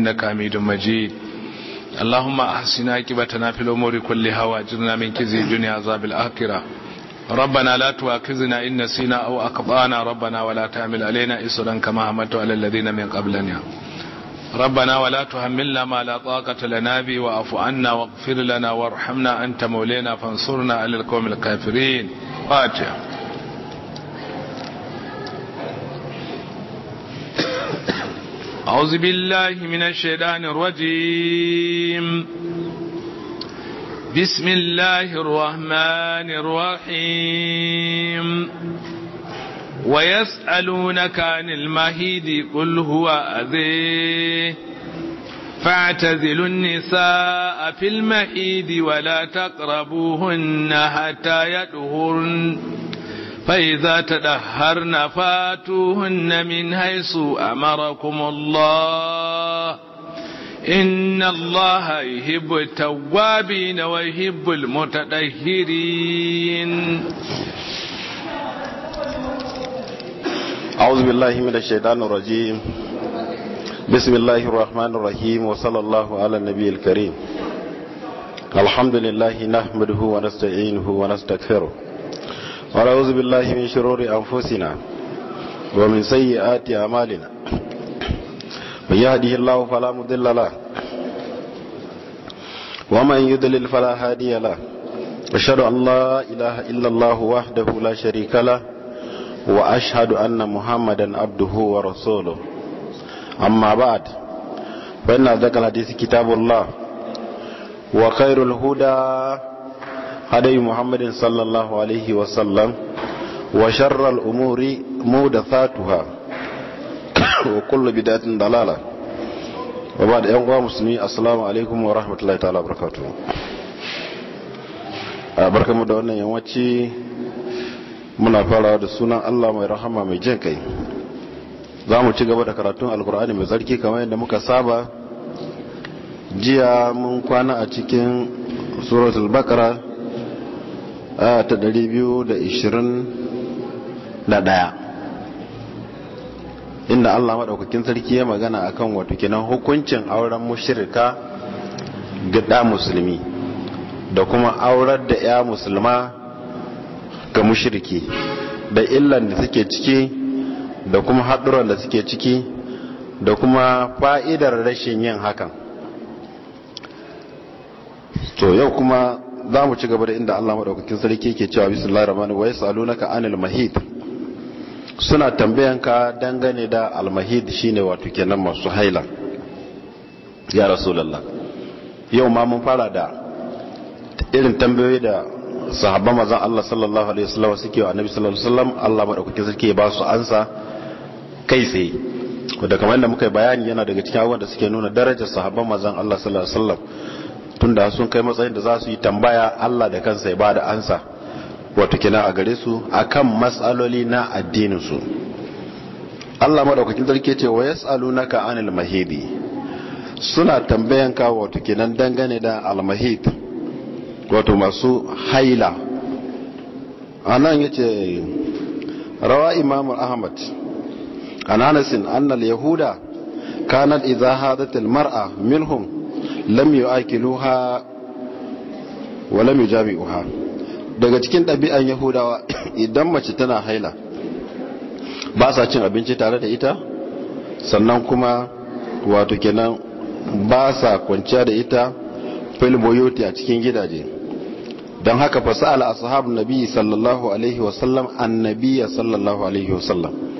إنك حميد مجيد اللهم أحسنا عاقبتنا في الأمور كلها وأجرنا من كزي الدنيا عذاب الآخرة ربنا لا تؤاخذنا إن نسينا أو أخطأنا ربنا ولا تعمل علينا إصرا كما عملت على الذين من قبلنا ربنا ولا تحملنا ما لا طاقة لنا به واعف عنا واغفر لنا وارحمنا أنت مولانا فانصرنا على القوم الكافرين فاتحة أعوذ بالله من الشيطان الرجيم بسم الله الرحمن الرحيم ويسألونك عن المهيد قل هو أذيه فاعتزلوا النساء في المهيد ولا تقربوهن حتى يدهرن فإذا تدهرن فاتوهن من حيث أمركم الله إن الله يحب التوابين ويحب المتطهرين أعوذ بالله من الشيطان الرجيم بسم الله الرحمن الرحيم وصلى الله على النبي الكريم الحمد لله نحمده ونستعينه ونستغفره ونعوذ بالله من شرور أنفسنا ومن سيئات أعمالنا من يهده الله فلا مضل له ومن يضلل فلا هادي له أشهد أن لا إله إلا الله وحده لا شريك له وأشهد أن محمدا عبده ورسوله أما بعد فإن ذكر الحديث كتاب الله وخير الهدى هدي محمد صلى الله عليه وسلم وشر الأمور مودثاتها وكل بداية ضلالة وبعد أن مسلمي السلام عليكم ورحمة الله تعالى وبركاته barka mu da wannan yammaci muna farawa da sunan Allah mai rahama mai jin kai za mu ci gaba da karatun alkur'ani mai tsarki kamar yadda muka saba jiya mun kwana a cikin suratul bakara ta 221 inda Allah maɗaukakin sarki ya magana akan wato kinan hukuncin auren mushirka ga ɗa musulmi da kuma aurar da ya musulma ga mushirki da illan da suke ciki da kuma haɗuran da suke ciki da kuma fa'idar rashin yin hakan to yau kuma za mu ci gaba da inda Allah madaukakin sarki yake cewa bismillahir rahmanir rahim wa yasalunaka anil mahid suna tambayanka dangane da al-mahid mahid shine wato kenan masu haila ya rasulullah yau ma mun fara da irin tambayoyi da sahabban mazan Allah sallallahu alaihi wasallam suke wa annabi sallallahu alaihi wasallam Allah madaukakin sarki ya ba su ansa kai tsaye da kamar yadda muka bayani yana daga cikin abubuwan da suke nuna darajar sahabban mazan Allah sallallahu alaihi wasallam tunda sun kai matsayin da za su yi tambaya Allah da kansa ya bada ansa wato kina a gare su akan matsaloli na addininsu. su Allah madaukakin sarki ce wa yas'alunaka anil mahidi suna tambayan ka wato kinan dangane da almahid wato masu haila anan yace rawa imam ahmad an anasin yahuda kanat idha hadat al mar'a minhum lam yu'akiluha wa lam yujabi'uha daga cikin ɗabi'an yahudawa idan mace tana haila ba sa cin abinci tare da ita sannan kuma wato kenan ba sa kwanciya da ita fil buyuti a cikin gidaje don haka fasa'ala ashabu nabi sallallahu alaihi wasallam annabiya sallallahu alaihi wasallam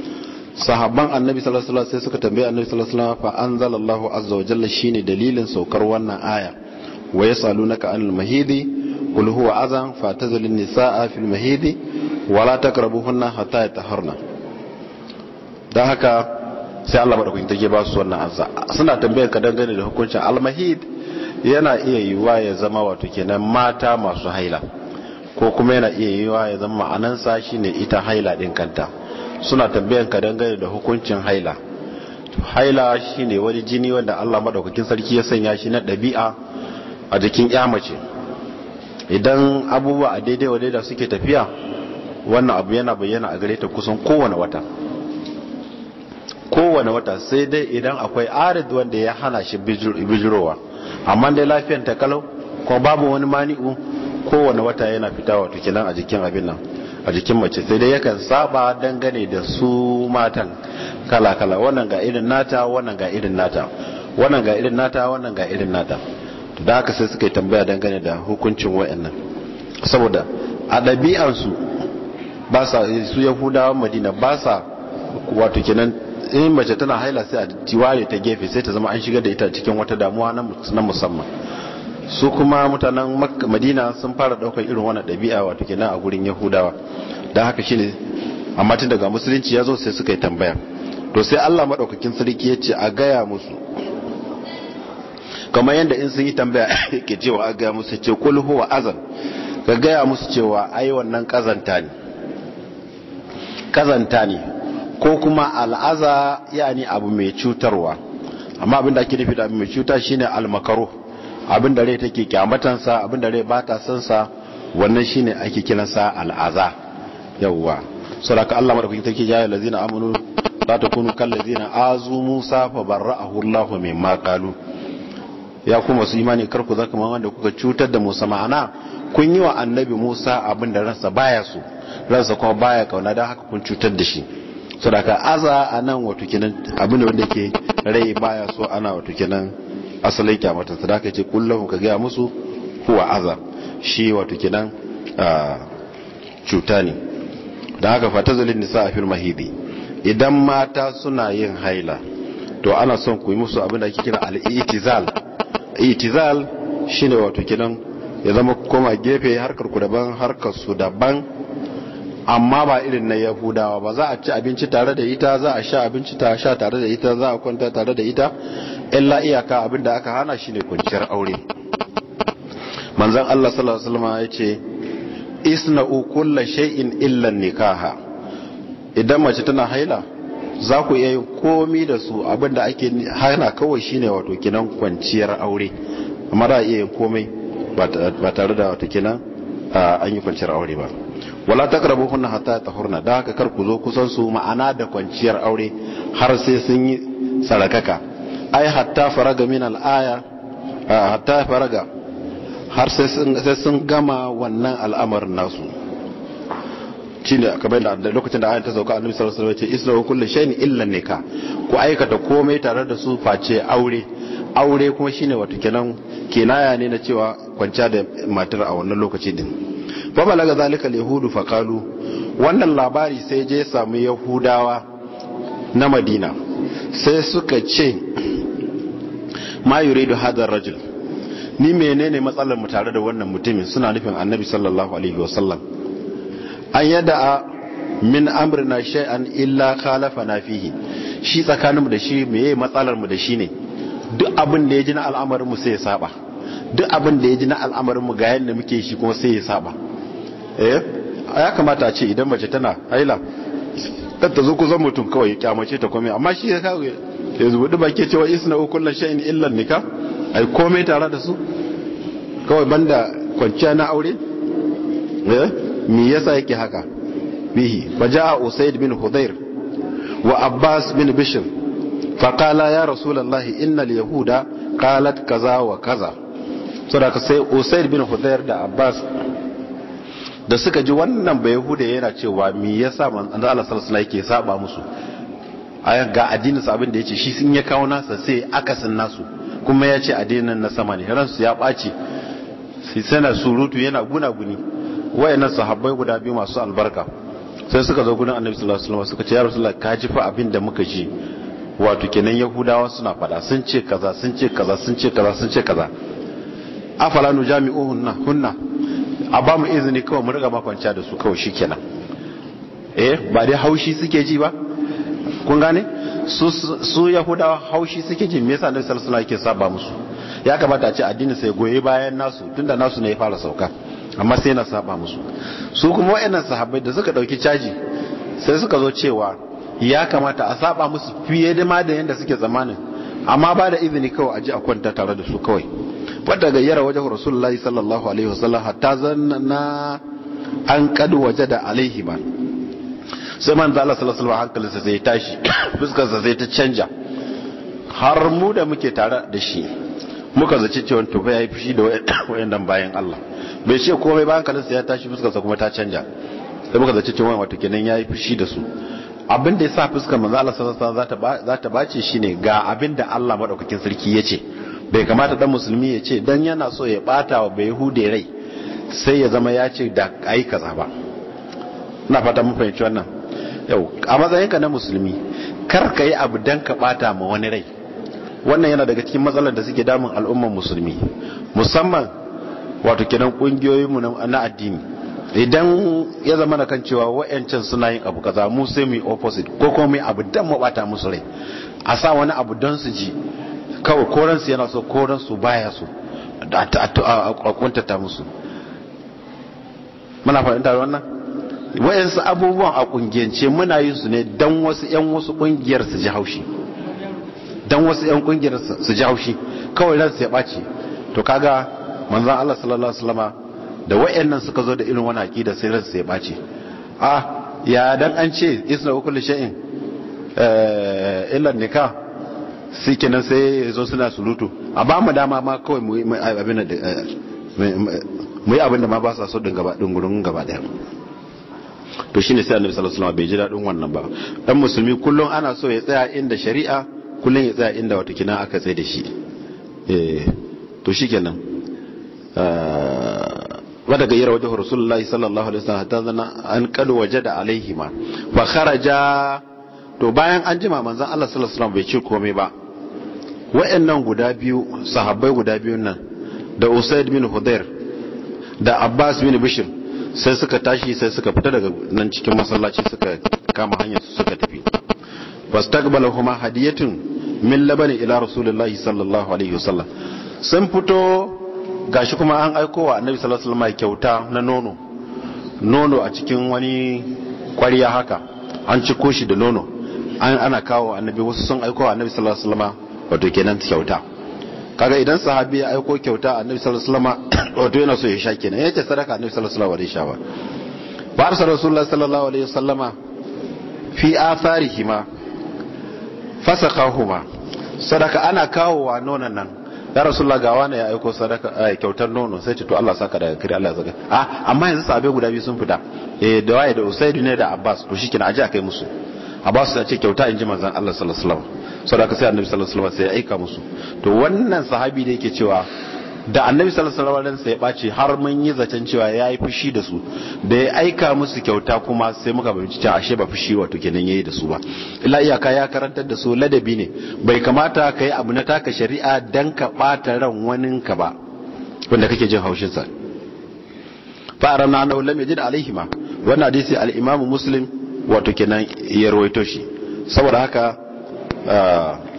sahabban annabi sallallahu alaihi wasallam sai suka tambaye annabi sallallahu alaihi wasallam fa anzalallahu azza wa jalla shine dalilin saukar wannan aya wa yasalunaka anil mahidi qul huwa adhan fatazilun nisaa fil mahidi wa la taqrabuhunna hatta yataharna dan haka sai Allah madaukakin take ba su wannan azza suna tambayar ka dangane da hukuncin mahid yana iya yiwa ya zama wato kenan mata masu haila ko kuma yana iya yiwa ya zama ma'anansa shine ita haila din kanta suna tambayan ka dangane da hukuncin haila haila shine wani jini wanda Allah maɗaukakin sarki ya sanya shi na ɗabi'a a jikin ya mace idan abubuwa a daidai wadai da suke tafiya wannan abu yana bayyana a gare ta kusan kowane wata kowane wata sai dai idan akwai arid wanda ya hana shi bijirowa amma dai lafiyan ta kalau kuma babu wani mani'u kowane wata yana fita wato kenan a jikin abin nan a jikin mace sai dai yakan saba dangane da su matan kala-kala wannan ga irin nata wannan ga irin nata wannan ga irin nata wannan ga irin nata to da haka sai suka yi tambaya dangane da hukuncin wayannan saboda a ɗabi'ansu ba sa su yahudawan madina ba sa wato kenan in mace tana haila sai a tiware ta gefe sai ta zama an shiga da ita cikin wata damuwa na musamman su kuma mutanen madina sun fara daukar irin wani ɗabi'a wato kenan a gurin yahudawa don haka shine amma tun daga musulunci ya zo sai suka yi tambaya to sai allah maɗaukakin sarki ya ce a gaya musu kamar yadda in sun yi tambaya ke cewa a gaya musu ce kul huwa azan ka gaya musu cewa ai wannan kazanta ne kazanta ne ko kuma al'aza yani abu mai cutarwa amma abin da ake nufi da abu mai cuta shine almakaro abin da rai take kyamatansa abin da rai ba ta son sa wannan shine ake kiransa al'aza yawwa saboda Allah madaukakin sarki ya lazina amanu ta kunu kan lazina azu musa fa barra'ahu Allahu mai qalu ya kuma su imani kar ku zaka wanda kuka cutar da Musa ma'ana kun yi wa annabi Musa abin da ransa baya so ransa kuma baya kauna dan haka kun cutar da shi sadaka aza a nan wato kinan abinda wanda ke rai baya so ana wato kinan asalin kyamata sadaka ce kullum ka gaya musu kuwa aza shi wato kenan cuta ne don haka fata zalin nisa a fil mahidi idan mata suna yin haila to ana son ku yi musu abinda ake kira al-itizal shi ne wato kinan ya zama koma gefe harkar ku daban harkar su daban amma ba irin na yahudawa ba za a ci abinci tare da ita za a sha abinci ta sha tare da ita za a kwanta tare da ita illa iyaka abin da aka hana shine kwanciyar aure manzan Allah sallallahu alaihi wasallam ya ce isna'u kullu shay'in illa nikaha idan mace tana haila za ku iya yin komi da su abin da ake hana kawai shine wato kinan kwanciyar aure amma za a iya yin komai ba tare da wato kinan an yi kwanciyar aure ba wala taqrabu hunna hatta tahurna da haka kar ku zo kusan su ma'ana da kwanciyar aure har sai sun yi sarakaka ai hatta faraga min al-aya hatta faraga har sai sun gama wannan al'amarin nasu shine kamar da lokacin da ayan ta sauka annabi sallallahu alaihi wasallam ya ce isra'u kullu shay'in illa nikah ku aikata komai tare da su face aure aure kuma shine wato kenan kinaya ne na cewa kwanciya da matar a wannan lokaci din fa balaga zalika yahudu fa qalu wannan labari sai je samu yahudawa na madina sai suka ce ma yuridu hadha rajul ni menene matsalar mu tare da wannan mutumin suna nufin annabi sallallahu alaihi wasallam an yada min amrina shay'an illa na fihi shi tsakaninmu da shi meye matsalar mu da shi ne duk abin da ya ji na al'amarinmu sai ya saba duk abin da ya ji na al'amarinmu ga yadda muke shi kuma sai ya saba eh ya kamata a ce idan mace tana haila tatta ta zo ku zan mutum kawai ya kyamace ta komai amma shi ya kawo ya zubuɗi ba ke cewa isna ukullin sha'in illan nika ai komai tare da su kawai banda kwanciya na aure eh, me yasa yake haka bihi a usaid bin hudair wa abbas bin bishr faƙala ya rasulallahi innal yahuda qalat kaza wa kaza saboda sai usaid bin hudayr da abbas da suka ji wannan bai yahuda yana cewa me yasa manzo Allah sallallahu alaihi yake saba musu ayan ga addinin sa abin da yace shi sun ya kawo nasa sai akasin nasu kuma ya ce addinin na sama ne ran su ya ɓace sai sana surutu yana gunaguni wayannan sahabbai guda biyu masu albarka sai suka zo gurin annabi sallallahu alaihi wasallam suka ce ya rasulullah ka ji fa abin da muka ji wato kenan yahudawa suna fada sun ce kaza sun ce kaza sun ce kaza sun ce kaza afala nu jami'u hunna hunna a ba mu izini kawai mu riga makwanciya da su kawai shi kenan. eh ba dai haushi suke ji ba kun gane su su yahudawa haushi suke ji me yasa annabi sallallahu alaihi wasallam yake saba musu ya kamata a ce addini sai goye bayan nasu tunda nasu ne ya fara sauka amma sai na saba musu su kuma wayannan sahabbai da suka dauki caji sai suka zo cewa ya kamata a saba musu fiye da ma da yadda suke zamanin amma ba da izini kawai a ji a kwanta tare da su kawai wadda gayyara wajen rasulullahi sallallahu alaihi wasallam hatta zanna na an kadu waje da alaihi ba sai man zala sallallahu hankalinsa zai tashi fuskarsa zai ta canja har mu da muke tare da shi muka zaci cewa to bai yi fushi da wayannan bayan Allah bai ce komai ba hankalinsa ya tashi fuskarsa kuma ta canja sai muka zaci cewa wato kenan yayi fushi da su abin da sa fuskar manzo Allah sallallahu alaihi wasallam za ta bace shi ne ga abin da Allah madaukakin sarki ya ce bai kamata dan musulmi ya ce dan yana so ya bata wa bai hude rai sai ya zama ya ce da ai kaza ba ina fata mun fahimci wannan yau a matsayinka na musulmi kar ka yi abu dan ka bata ma wani rai wannan yana daga cikin matsalar da suke damun al'ummar musulmi musamman wato kenan mu na addini idan ya zama na kan cewa wa'yancin suna yin abu kaza mu sai mu yi opposite ko kuma mu abu dan mu bata musu rai a sa wani abu don su ji kawai koransu yana so koransu baya so a kuntata musu muna tare wannan wayansu abubuwan a kungiyance muna yin su ne don wasu 'yan wasu kungiyar su ji haushi don wasu 'yan kungiyar su ji haushi kawai su ya ɓaci to kaga manzan Allah sallallahu alaihi wasallama da wayannan suka zo da irin wani aqida sai ransu sai bace a ah, ya dan an ce isna kullu shay'in eh illa nikah ke nan sai ya zo suna surutu a ba mu dama ma kawai mu yi abin da eh, mu yi abin da ma ba sa so din gaba din gurin gaba daya to shine sai annabi sallallahu alaihi wasallam bai ji dadin wannan ba dan musulmi kullun ana so ya tsaya inda shari'a kullun ya tsaya inda wata kina aka tsaye da shi eh to shikenan ah, wada gayyara wajen rasulullahi sallallahu alaihi wasallam ta zana an waje da alaihima fa kharaja to bayan an jima manzon Allah sallallahu alaihi wasallam bai ci komai ba wayannan guda biyu sahabbai guda biyu nan da Usaid bin Hudair da Abbas bin Bishr sai suka tashi sai suka fita daga nan cikin masallaci suka kama hanyar su suka tafi kuma hadiyatun min labani ila rasulillahi sallallahu alaihi wasallam sun fito gashi kuma an aiko wa annabi sallallahu alaihi wasallam kyauta na nono nono a cikin wani kwariya haka an ciko shi da nono an ana kawo annabi wasu sun aiko wa annabi sallallahu alaihi wasallam wato kenan kyauta kaga idan sahabi ya aiko kyauta annabi sallallahu alaihi wasallam wato yana so ya sha kenan yace sadaka annabi sallallahu alaihi wasallam ba sha ba barsa rasulullahi sallallahu alaihi wasallama fi atharihima fasakahuma sadaka ana kawo wa nonon nan ya rasulullah ga wani ya aiko sadaka kyautar nono sai ce to Allah saka daga kiri Allah saka ah amma yanzu sabe guda biyu sun fita eh da waye da usaid ne da abbas to shikenan aje akai musu abbas ya ce kyauta inji manzon Allah sallallahu alaihi wasallam sadaka sai annabi sallallahu alaihi wasallam sai ya aika musu to wannan sahabi da yake cewa da annabi sallallahu alaihi wasallam ya ɓaci har mun yi zaton cewa yayi fushi da su da ya aika musu kyauta kuma sai muka bayyana cewa ashe ba fushi wato kenan yayi da su ba illa iyaka ya karantar da su ladabi ne bai kamata ka yi abu na taka shari'a dan ka bata ran wanin ka ba wanda kake jin haushin sa fa arana na ulam yajid ma wannan hadisi al-imamu muslim wato kenan ya rawaito shi saboda haka ah,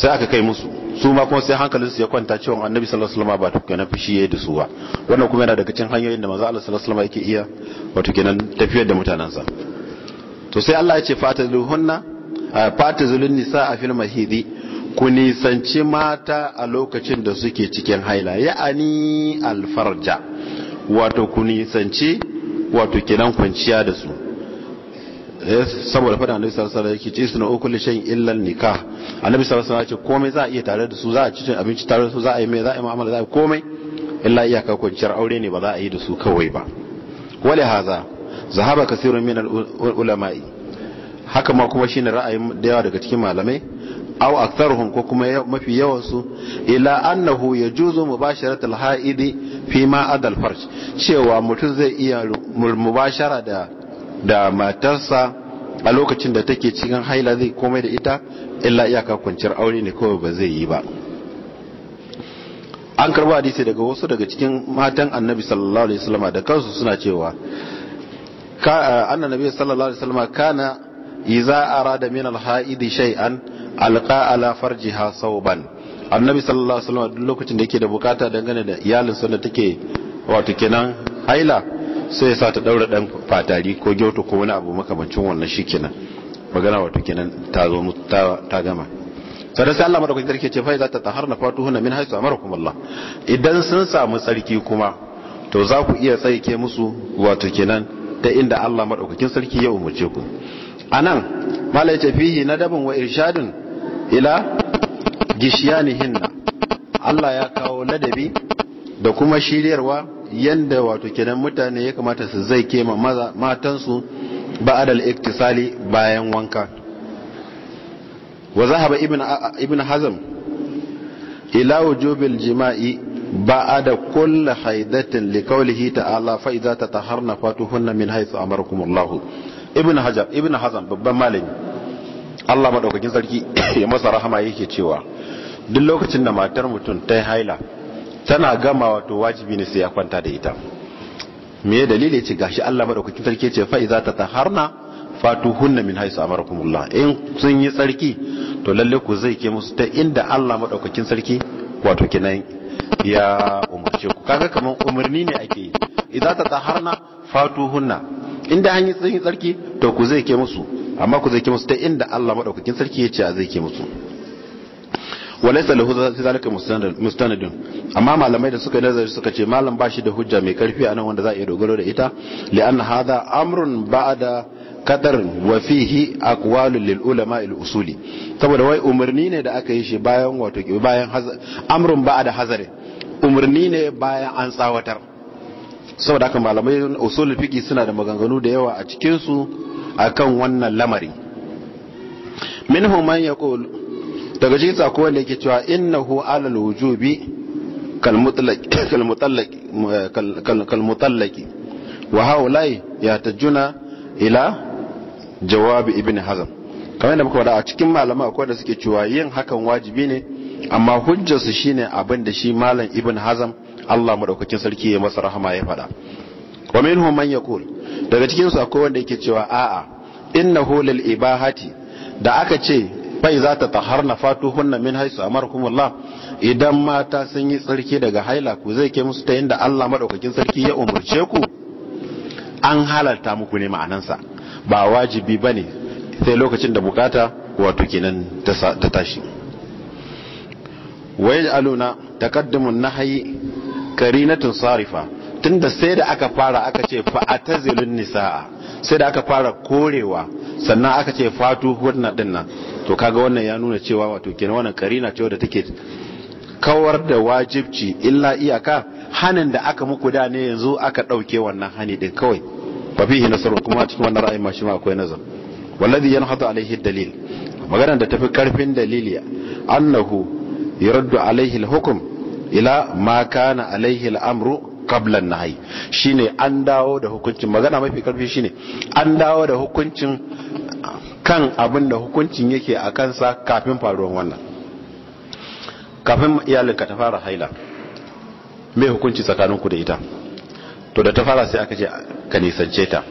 sai aka kai musu su ma kuma sai hankalinsu ya kwanta cewa annabi sallallahu alaihi wasallam ba tukenan fushi yayi da su ba wannan kuma yana daga cikin hanyoyin da manzo Allah sallallahu alaihi wasallam yake iya wato kenan tafiyar da mutanansa to sai Allah ya ce fatazuluhunna fatazulun a fil mahidi ku nisanci mata a lokacin da suke cikin haila ya'ani alfarja wato ku nisanci wato kenan kwanciya da su Eh, saboda faɗin annabi sallallahu alaihi wasallam yake ce suna ukul shay'in illa nikah annabi sallallahu alaihi wasallam ya ce komai za a iya tare da su za a ci abinci tare da su za a yi mai za a yi mu'amala za a yi komai illa iyaka kwanciyar aure ne ba za a yi da su kawai ba wali haza zahaba kasirun min ulama'i haka ma kuma shine ra'ayin da yawa daga cikin malamai aw aktharuhum ko kuma mafi yawan su ila annahu yajuzu mubasharat al-ha'idi fi ma adal farj cewa mutum zai iya mubashara da da matarsa a lokacin da take cikin haila zai komai da ita illa iyaka kwanciyar aure ne kawai ba zai yi ba an karba hadisi daga wasu daga cikin matan annabi sallallahu alaihi wasallama da kansu suna cewa ka annabi sallallahu alaihi wasallama kana idza arada min alha'idi shay'an alqa ala farjiha sauban annabi sallallahu alaihi wasallama duk lokacin da yake da bukata dangane da iyalin sa da take wato kenan haila sai sa ta daura dan fatari ko gyauta ko wani abu makamancin wannan shikenan magana wato kenan ta zo ta gama sai sai Allah madaukakin sarki ce fa za ta taharna fatuhuna min haythu amarakum Allah idan sun samu sarki kuma to za ku iya tsaike musu wato kenan ta inda Allah madaukakin sarki ya umurce ku anan malai ce fihi nadabun wa irshadun ila gishiyanihinna Allah ya kawo ladabi da kuma shiryarwa yanda wato kenan mutane ya kamata su zai kema maza matansu ba'adal iktisali bayan wanka wa zahaba ibn ibn hazm ila wujubil jima'i ba da kulla haidatin li qawlihi ta'ala fa idza tataharna fatuhunna min haythu amarakum Allah ibn hajar ibn hazm babban malami Allah madaukakin sarki ya masa rahama yake cewa duk lokacin da matar mutum ta haila tana gama wato wajibi ne sai ya kwanta da ita me dalili ce gashi Allah madaukakin sarki ce fa iza fatu fatuhunna min haisu amarakumullah in sun yi tsarki to lalle ku zai ke musu ta inda Allah madaukakin sarki wato kinan ya umarce ku kaga kaman umarni ne ake yi iza ta taharna fatuhunna inda an yi tsarki to ku zai ke musu amma ku zai ke musu ta inda Allah madaukakin sarki ya ce zai ke musu walaysa lahu zalika mustanadun amma malamai da suka nazari suka ce malam bashi da hujja mai karfi anan wanda za a iya dogaro da ita li'anna hadha amrun ba'da kadar wa fihi aqwalul lil ulama al usuli saboda wai umarni ne da aka yi shi bayan wato bayan amrun ba'da hazari umarni ne bayan an tsawatar saboda haka malamai usulul fiqi suna da maganganu da yawa a cikin su akan wannan lamari minhum man yaqul daga cikin tsako wanda yake cewa innahu alal wujubi kalmutallaki wa haulai ya tajuna ila jawabi ibn hazm kamar da muka wada a cikin malama akwai da suke cewa yin hakan wajibi ne amma hujjarsu shine abin da shi malam ibn hazm Allah Maɗaukakin sarki ya masa rahama ya faɗa wa minhum man yaqul daga cikin su akwai wanda yake cewa a'a innahu lil ibahati da aka ce fai za ta taharna fatuhunna min haisu amarkumullah idan mata sun yi tsarki daga haila ku zai ke musu ta yin da Allah maɗaukakin tsarki ya umarce ku an halarta muku ne ma'anansa ba wajibi ba ne sai lokacin da bukata wato kenan ta tashi wa yaj'aluna taqaddumun nahyi karinatun sarifa tunda sai da aka fara aka ce fa'atazilun nisaa sai da aka fara korewa sannan aka ce fatu hunna dinnan to kaga wannan ya nuna cewa wato kenan wannan karina ce wadda take kawar da wajibci illa iyaka hanin da aka muku da ne yanzu aka ɗauke wannan hani din kawai fa fihi nasaru kuma cikin wannan ra'ayin ma shi ma akwai nazar wallazi yanhatu alaihi dalil maganar da tafi karfin dalili annahu yuraddu alaihi alhukm ila ma kana alaihi al'amru qabla nahi shine an dawo da hukuncin magana mafi karfi shine an dawo da hukuncin kan abin da hukuncin yake a kansa kafin faruwan wannan kafin iyalinka ta fara haila mai hukunci tsakaninku da ita to da ta fara sai aka ce ka nisance ta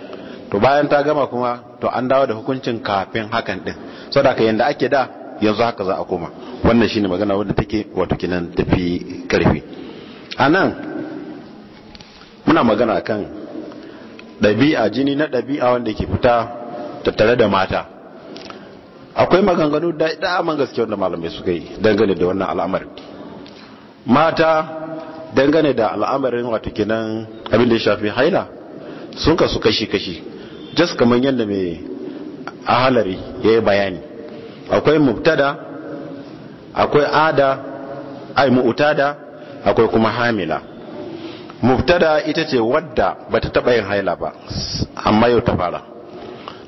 to bayan ta gama kuma to an dawo da hukuncin kafin hakan din ka yanda ake da yanzu haka za a koma wannan shi ne magana wanda take wato kinan tafi karfi nan, muna magana kan ɗabi'a jini na ɗabi'a wanda ke fita tattare da mata akwai maganganu da daman gaske wanda malamai suka yi dangane da wannan al'amari mata dangane da al'amarin wato kenan abin da ya shafi haila sun kasu kashi-kashi just kamar yadda mai ahalari ya yi bayani akwai mubtada akwai ada ai mu'tada akwai kuma hamila mubtada ita ce wadda bata taɓa yin haila ba amma yau ta fara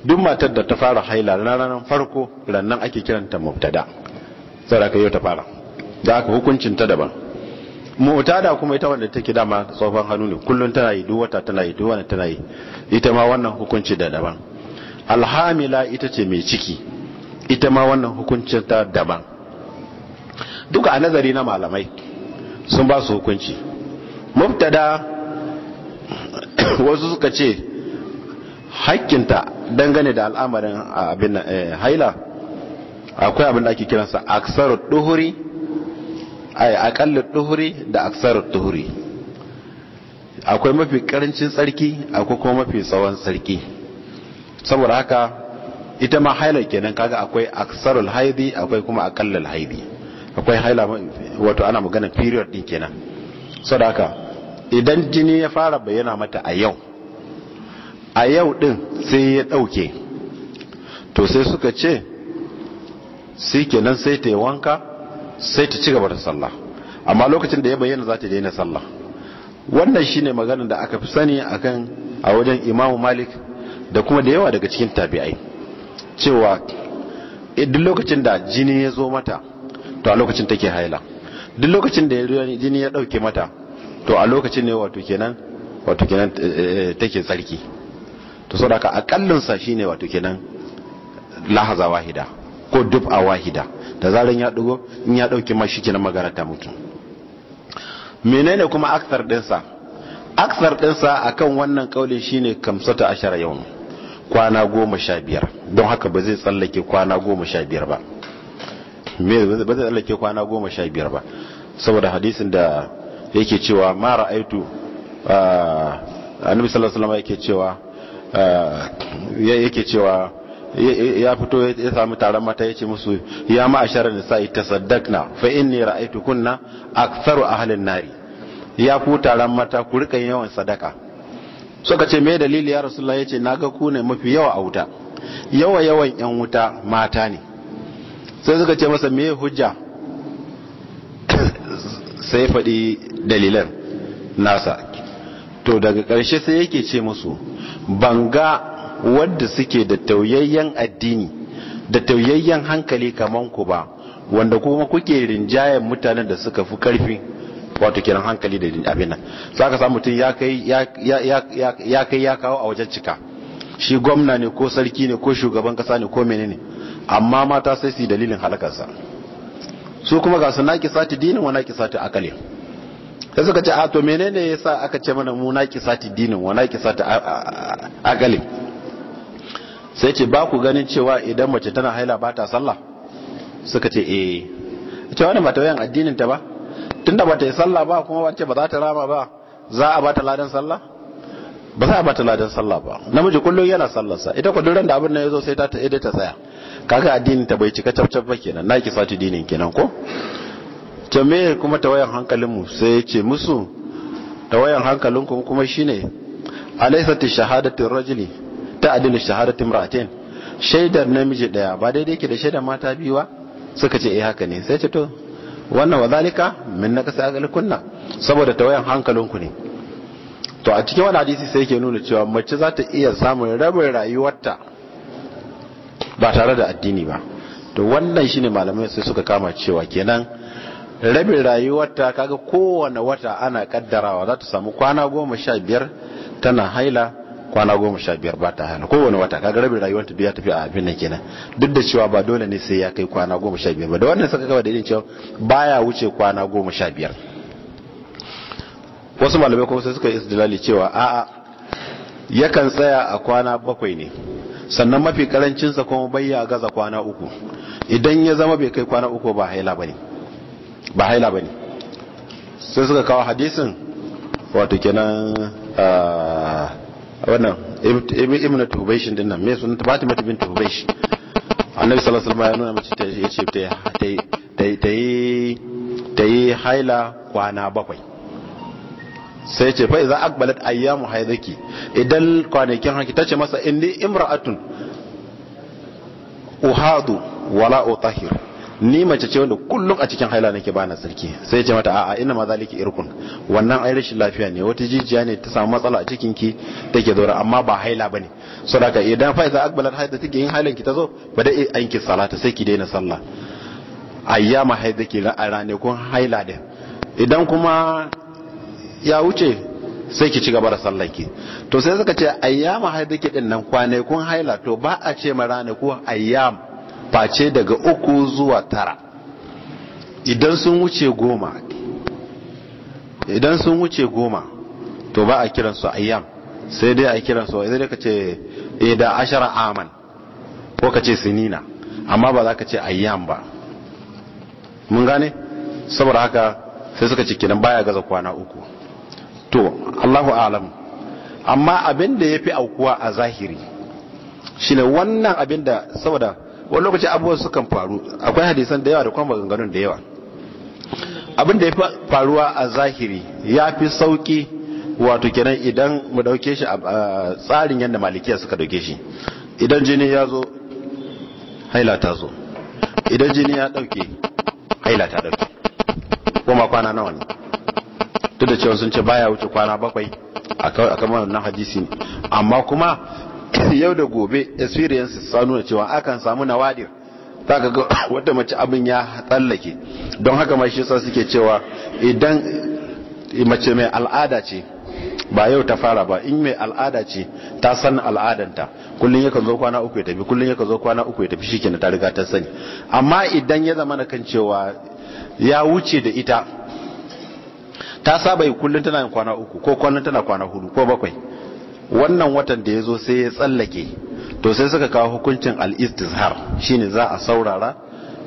duk matar da ta fara haila ranar farko rannan ake kiranta mubtada tsara ka yau ta fara da aka hukuncin ta daban mu'tada kuma ita wanda take dama tsohon hannu ne kullun tana yi duwata tana yi duwana tana yi ita ma wannan hukunci da daban alhamila ita ce mai ciki ita ma wannan hukuncin ta daban duka a nazari na malamai sun ba su hukunci mubtada wasu suka ce haƙƙinta dangane da al'amarin abin eh, haila akwai abin da ake kiransa tuhuri duhuri ay aqallut duhuri da aksarut duhuri akwai mafi karancin tsarki akwai kuma mafi tsawon tsarki saboda haka ita ma haila kenan kaga akwai aksarul haidi akwai kuma aqallul haidi akwai haila wato ana magana period din kenan saboda haka idan jini ya fara bayyana mata a yau a yau din sai ya dauke to sai suka ce sai kenan sai ta yi wanka sai ta ci gaba da sallah amma lokacin da ya bayyana za ta daina sallah wannan shine maganar da aka fi sani akan a wajen imamu malik da kuma da yawa daga cikin tabi'ai cewa eh, duk lokacin da jini ya zo mata to a lokacin take haila duk lokacin da jini ya dauke mata to a lokacin ne wato kenan wato kenan eh, eh, take tsarki to saboda akallinsa shi shine wato kenan lahaza wahida ko dub'a wahida da zarin ya dugo in ya dauki ma kenan magana ta mutu menene kuma aksar ɗinsa aksar ɗinsa a kan wannan wannan shi shine kamsata shara yau kwana goma sha biyar don haka ba zai tsallake kwana goma sha biyar ba me ba zai tsallake kwana goma sha biyar ba saboda hadisin da yake cewa mara aitu ah, annabi sallallahu alaihi wasallam yake cewa Eh, yake cewa ya fito ya samu taron mata ya ce musu ya da sa'i ta saddakna fa inni kunna aktharu ahlin nari ya ku taron mata ku rika yawan sadaka suka ce me dalili ya rasulullah yace naga ku ne mafi yawa a wuta yawa yawan yan wuta mata ne sai suka ce masa me hujja sai faɗi dalilan nasa to daga ƙarshe sai yake ce musu banga wanda suke da tauyayyen addini da tauyayyen hankali kaman ku ba wanda kuma kuke rinjayen mutanen da suka fi karfi wato kiran hankali da abin nan za ka samu mutum ya kai ya kawo a wajen cika shi gwamna ne ko sarki ne ko shugaban kasa ne ko menene amma mata sai su dalilin halakarsa su kuma ga su naki sati dinin wa naki sati akalin sai suka ce a ah, to menene yasa aka ce mana mu na sati dinin wa na sati akalin sai ce ba ku ganin cewa idan mace tana haila ba ta sallah suka ce eh ce wani ba ta wayan addinin ta ba tunda ba ta yi sallah ba kuma wace ba za ta rama ba za a ba ta ladan sallah ba za a ba ta ladan sallah ba namiji kullum yana sallarsa ita ko duran da abin nan yazo sai ta ta ta tsaya kaga addinin ta bai cika cafcaf ba kenan naki sati dinin kenan ko ta me kuma tawayan hankalinmu sai ya ce musu tawayan hankalinku kuma shine alaisati shahadatin rajuli ta shahadatin mratin shaidar namiji daya ba daidai ke da shaidar mata biyu ba suka ce eh haka ne sai ce to wannan wa zalika min na kasa kunna saboda tawayan hankalinku ne to a cikin wani hadisi sai ke nuna cewa mace za ta iya samun rabin rayuwarta ba tare da addini ba to wannan shine malamai sai suka kama cewa kenan rabin rayuwarta kaga kowane wata ana kaddarawa za ta samu kwana goma sha biyar tana haila kwana goma sha biyar ba ta haila kowane wata kaga rabin rayuwarta duk ya tafi a abin nan kenan duk da cewa ba dole ne sai ya kai kwana goma sha biyar ba da wannan suka gaba da yin cewa baya wuce kwana goma sha biyar wasu malamai kuma sai suka yi isdilali cewa a'a yakan tsaya a kwana bakwai ne sannan mafi karancinsa kuma ya gaza kwana uku idan ya zama bai kai kwana uku ba haila ba ne ba haila ba ne sai suka kawo hadisin wato kenan wannan imina tuhubaishin din nan mai sunan fatima bin tuhubaishin annabi sallallahu ma ya nuna mace ta ce ta yi haila kwana bakwai sai ce fa idza aqbalat ayyamu haizaki idan kwanakin haki ta ce masa inni imra'atun uhadu wala tahiru ni mace ce wanda kullum a cikin haila nake bana sarki sai ya ce mata a'a ina ma zaliki irkun wannan ai rashin lafiya ne wata jijiya ne ta samu matsala a cikin ki take zaura amma ba haila bane saboda idan fa iza akbalat haida take yin hailan ki ta zo ba da an ki salata sai ki daina sallah ayyama haida ke a ranakun haila din idan kuma ya wuce sai ki ci gaba da sallar ki to sai suka ce ayyama haida ke din nan kun haila to ba a ce ma ranaku ayyam face daga uku zuwa tara idan sun wuce goma idan sun wuce goma to ba a kiransu ayyam sai dai a kiransu sai dai ka ce eh, da ashara aman ko ka ce sinina amma ba za ka ce ayyam ba mun gane saboda haka sai suka ce kinan baya gaza kwana uku to allahu alam amma abin da ya fi aukuwa a zahiri shine wannan abin da saboda wani lokaci abubuwan sukan faru akwai hadisan da yawa da kuma maganganun da yawa abin da ya faruwa a zahiri ya fi sauki wato kenan idan mu dauke shi a tsarin yadda malikiya suka dauke shi idan jini ya zo haila ta zo idan jini ya dauke haila ta dauke kuma kwana nawa ne duk da cewa sun ce baya wuce kwana bakwai a kan wannan hadisi amma kuma yau da gobe experience sanu nuna cewa akan samu nawadir za ka ga wata mace abin ya tsallake don haka mai shi sa suke cewa idan mace mai al'ada ce ba yau ta fara ba in mai al'ada ce ta san al'adanta kullum yakan zo kwana uku ya tafi kullum yakan zo kwana uku ya tafi shikenan ta riga ta sani amma idan ya zama na kan cewa ya wuce da ita ta saba yi kullum tana yin kwana uku ko kwana tana kwana hudu ko bakwai wannan watan da ya zo sai ya tsallake to sai suka kawo hukuncin al-istizhar shine za a saurara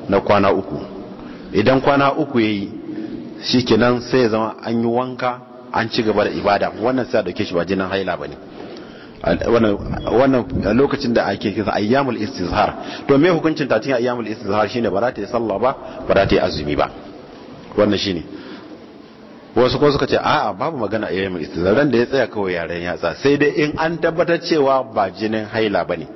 na kwana uku idan kwana uku yayi shikenan sai ya zama an yi wanka an ci gaba da ibada wannan sai a dauke shi ba jinan haila bane wannan lokacin da ake kisa ayyamul istizhar to me hukuncin ta cikin ayyamul istizhar shine ba za ta yi sallah ba ba za ta yi azumi ba wannan shine wasu ko suka ce a'a babu magana a yayin istizara da ya tsaya kawai yaren yatsa sai dai in an tabbatar cewa ba jinin haila bane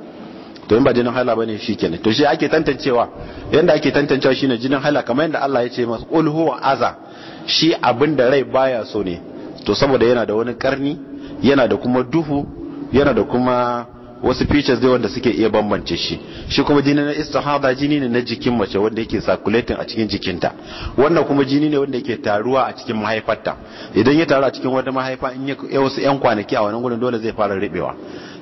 to in ba jinin haila bane shikenan to shi ake tantancewa yanda ake tantancewa shine jinin haila kamar yanda Allah ya ce masa qul huwa aza shi abinda rai baya so ne to saboda yana da wani karni yana da kuma duhu yana da kuma wasu features dai wanda suke iya bambance shi shi kuma jini na istihada jini ne na jikin mace wanda yake circulating a cikin jikinta wannan kuma jini ne wanda yake taruwa a cikin mahaifarta idan ya taru a cikin wata mahaifa in ya wasu yan kwanaki a wannan gurin dole zai fara ribewa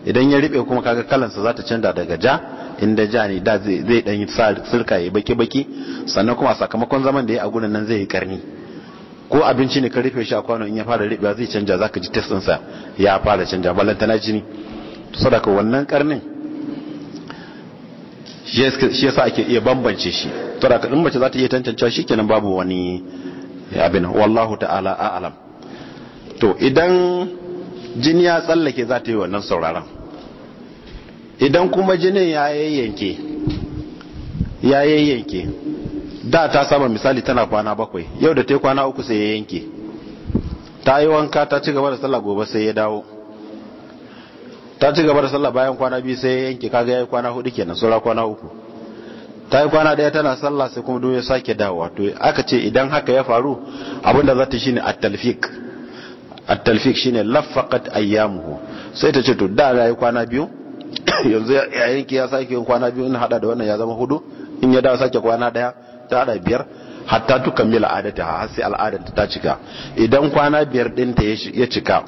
idan ya ribe kuma kaga kalansa za ta canza daga ja inda ja ne da zai dan yi sirka ya baki baki sannan kuma sakamakon zaman da ya a gurin nan zai yi karni ko abinci ne ka rufe shi a kwano in ya fara ribewa zai canza zaka ji test sa ya fara canja ballantana jini sadaka wannan karnin shi sa ake iya bambance shi to ka ɗin mace za ta iya tantance shi kenan babu wani abin wallahu ta'ala a'lam to idan jini ya tsallake za ta yi wannan sauraron idan kuma jinin ya yayyanke ya yayyanke da ta sama misali tana kwana bakwai yau da ta yi kwana uku sai ya yanke ta yi wanka ta ci gaba da sallah gobe sai ya dawo ta ci gaba da sallah bayan kwana biyu sai yanke kaga yayi kwana hudu kenan saura kwana uku ta yi kwana daya tana sallah sai kuma ya sake dawowa to aka ce idan haka ya faru abinda za ta shine at-talfiq at-talfiq shine laffaqat ayyamuhu sai ta ce to da yayi kwana biyu yanzu ya yanke ya sake yin kwana biyu in hada da wannan ya zama hudu in ya dawo sake kwana daya ta hada biyar hatta kammala adata har sai al'adar ta cika idan kwana biyar din ta ya cika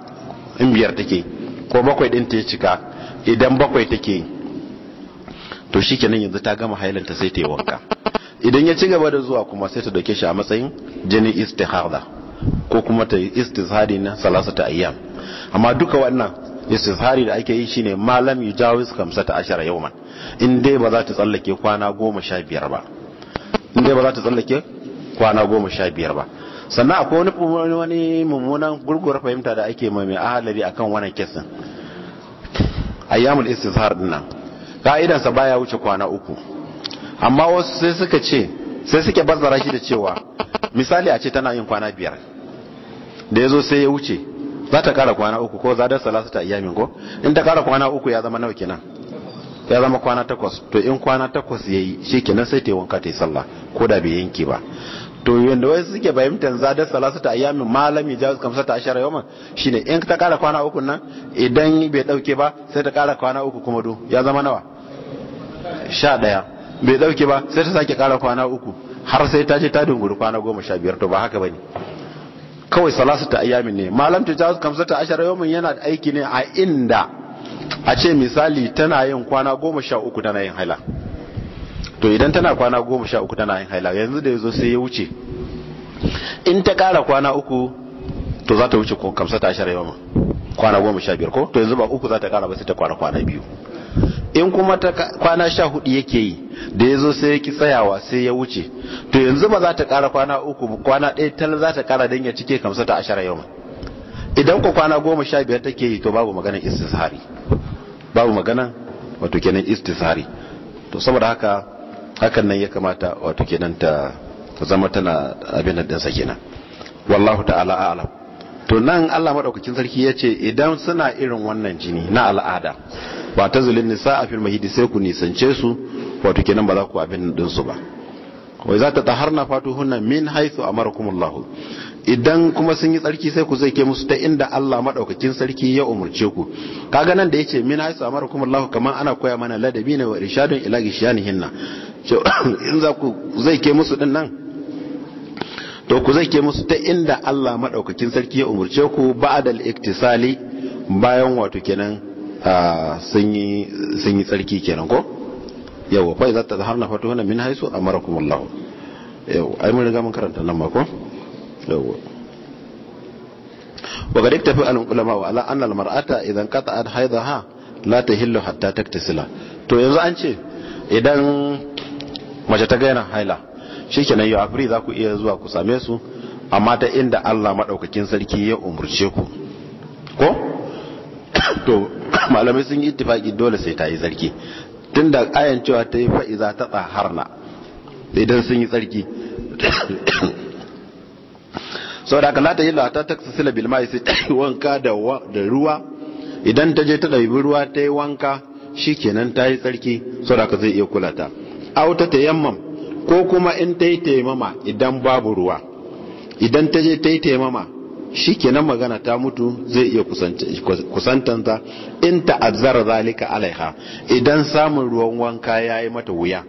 in biyar take ko bakwai ɗinta ya cika idan bakwai take yi to shi kenan yanzu ta gama hailanta sai ta yi wanka idan ya ci gaba da zuwa kuma sai ta dauke shi a matsayin jini istihada ko kuma ta yi istizhari na salasa ta ayyam amma duka wannan istizhari da ake yi shine malam yujawiz kamsata ashara man in dai ba za ta tsallake kwana goma sha biyar ba in dai ba za ta tsallake kwana goma sha biyar ba sannan akwai wani wani mummunan gurguwar fahimta da ake mai ahalari akan wannan kesin ayyamul istizhar har nan ka'idansa baya wuce kwana uku amma wasu sai suka ce sai suke bazara shi da cewa misali a ce tana yin kwana biyar da ya zo sai ya wuce za ta kara kwana uku ko za da salasa ta iyamin ko in ta kara kwana uku ya zama nawa kenan ya zama kwana takwas to in kwana takwas ya yi shi kenan sai ta yi wanka ta yi sallah ko da bai yanke ba to yanda wai suke fahimtar da salasu ta ayyamin malam ya jawo kamsa ta ashara yawan shine in ta kara kwana uku nan idan bai dauke ba sai ta kara kwana uku kuma do ya zama nawa sha daya bai dauke ba sai ta sake kara kwana uku har sai ta je ta dunguri kwana goma sha biyar to ba haka bane kawai salasu ta ayyamin ne malam ta jawo kamsa ta ashara yawan yana aiki ne a inda a ce misali tana yin kwana goma sha uku tana yin haila to idan tana kwana goma sha uku tana yin haila yanzu da ya zo sai ya wuce in ta kara kwana uku to za ta wuce ko kamsa ta shara yawan kwana goma sha biyar ko to yanzu ba uku za ta kara ba sai ta kwana kwana biyu in kuma ta kwana sha hudu yake yi da ya zo sai ya ki tsayawa sai ya wuce to yanzu ba za ta kara kwana uku kwana ɗaya tal za ta kara dan ya cike kamsa ta ashirar yawan idan ku kwana goma sha biyar take yi to babu maganar istisari babu maganar wato kenan istisari to saboda haka hakan nan ya kamata wato kenan ta zama tana abin da ɗinsa kenan wallahu ta'ala a'lam to nan Allah madaukakin sarki ya ce idan suna irin wannan jini na al'ada ba ta zulin nisa a fil mahidi sai ku nisance su wato kenan ba za ku abin din su ba wai za ta taharna fatuhunna min haythu amarakumullah idan kuma sun yi tsarki sai ku zai ke musu ta inda Allah madaukakin sarki ya umurce ku kaga nan da yace min haythu amarakumullah kaman ana koya mana ladabi ne wa irshadun ila gishiyanihinna in za ku zai ke musu din nan to ku zai ke musu ta inda Allah maɗaukakin sarki ya umarce ku ba'adal iktisali bayan wato kenan sun yi tsarki kenan ko yawa fa za ta zahar na fato wannan min haisu amarakum Allah yawa ai mun riga mun karanta nan ma ko yawa wa ga diktafi al ulama wa ala anna al mar'ata idan qata'at haidaha la tahillu hatta taktasila to yanzu an ce idan mace ta gaina haila kenan yau afri za ku iya zuwa ku same su amma ta inda Allah maɗaukakin sarki ya umurce ku ko to malamai sun yi ittifaki dole sai ta yi tsarki da ayan cewa ta yi fa'iza ta tsaharna idan sun yi tsarki sau da kalata yi lata ta sila bilma sai ta yi wanka da ruwa idan ta je ta ɗabi ruwa ta yi wanka shi kenan ta yi tsarki sau da ka zai iya kulata auta tayammam ko kuma in ta yi taimama idan babu ruwa idan ta je ta yi taimama shi kenan magana ta mutu zai iya kusantanta in ta'azzara zalika alaiha idan samun ruwan wanka ya yi mata wuya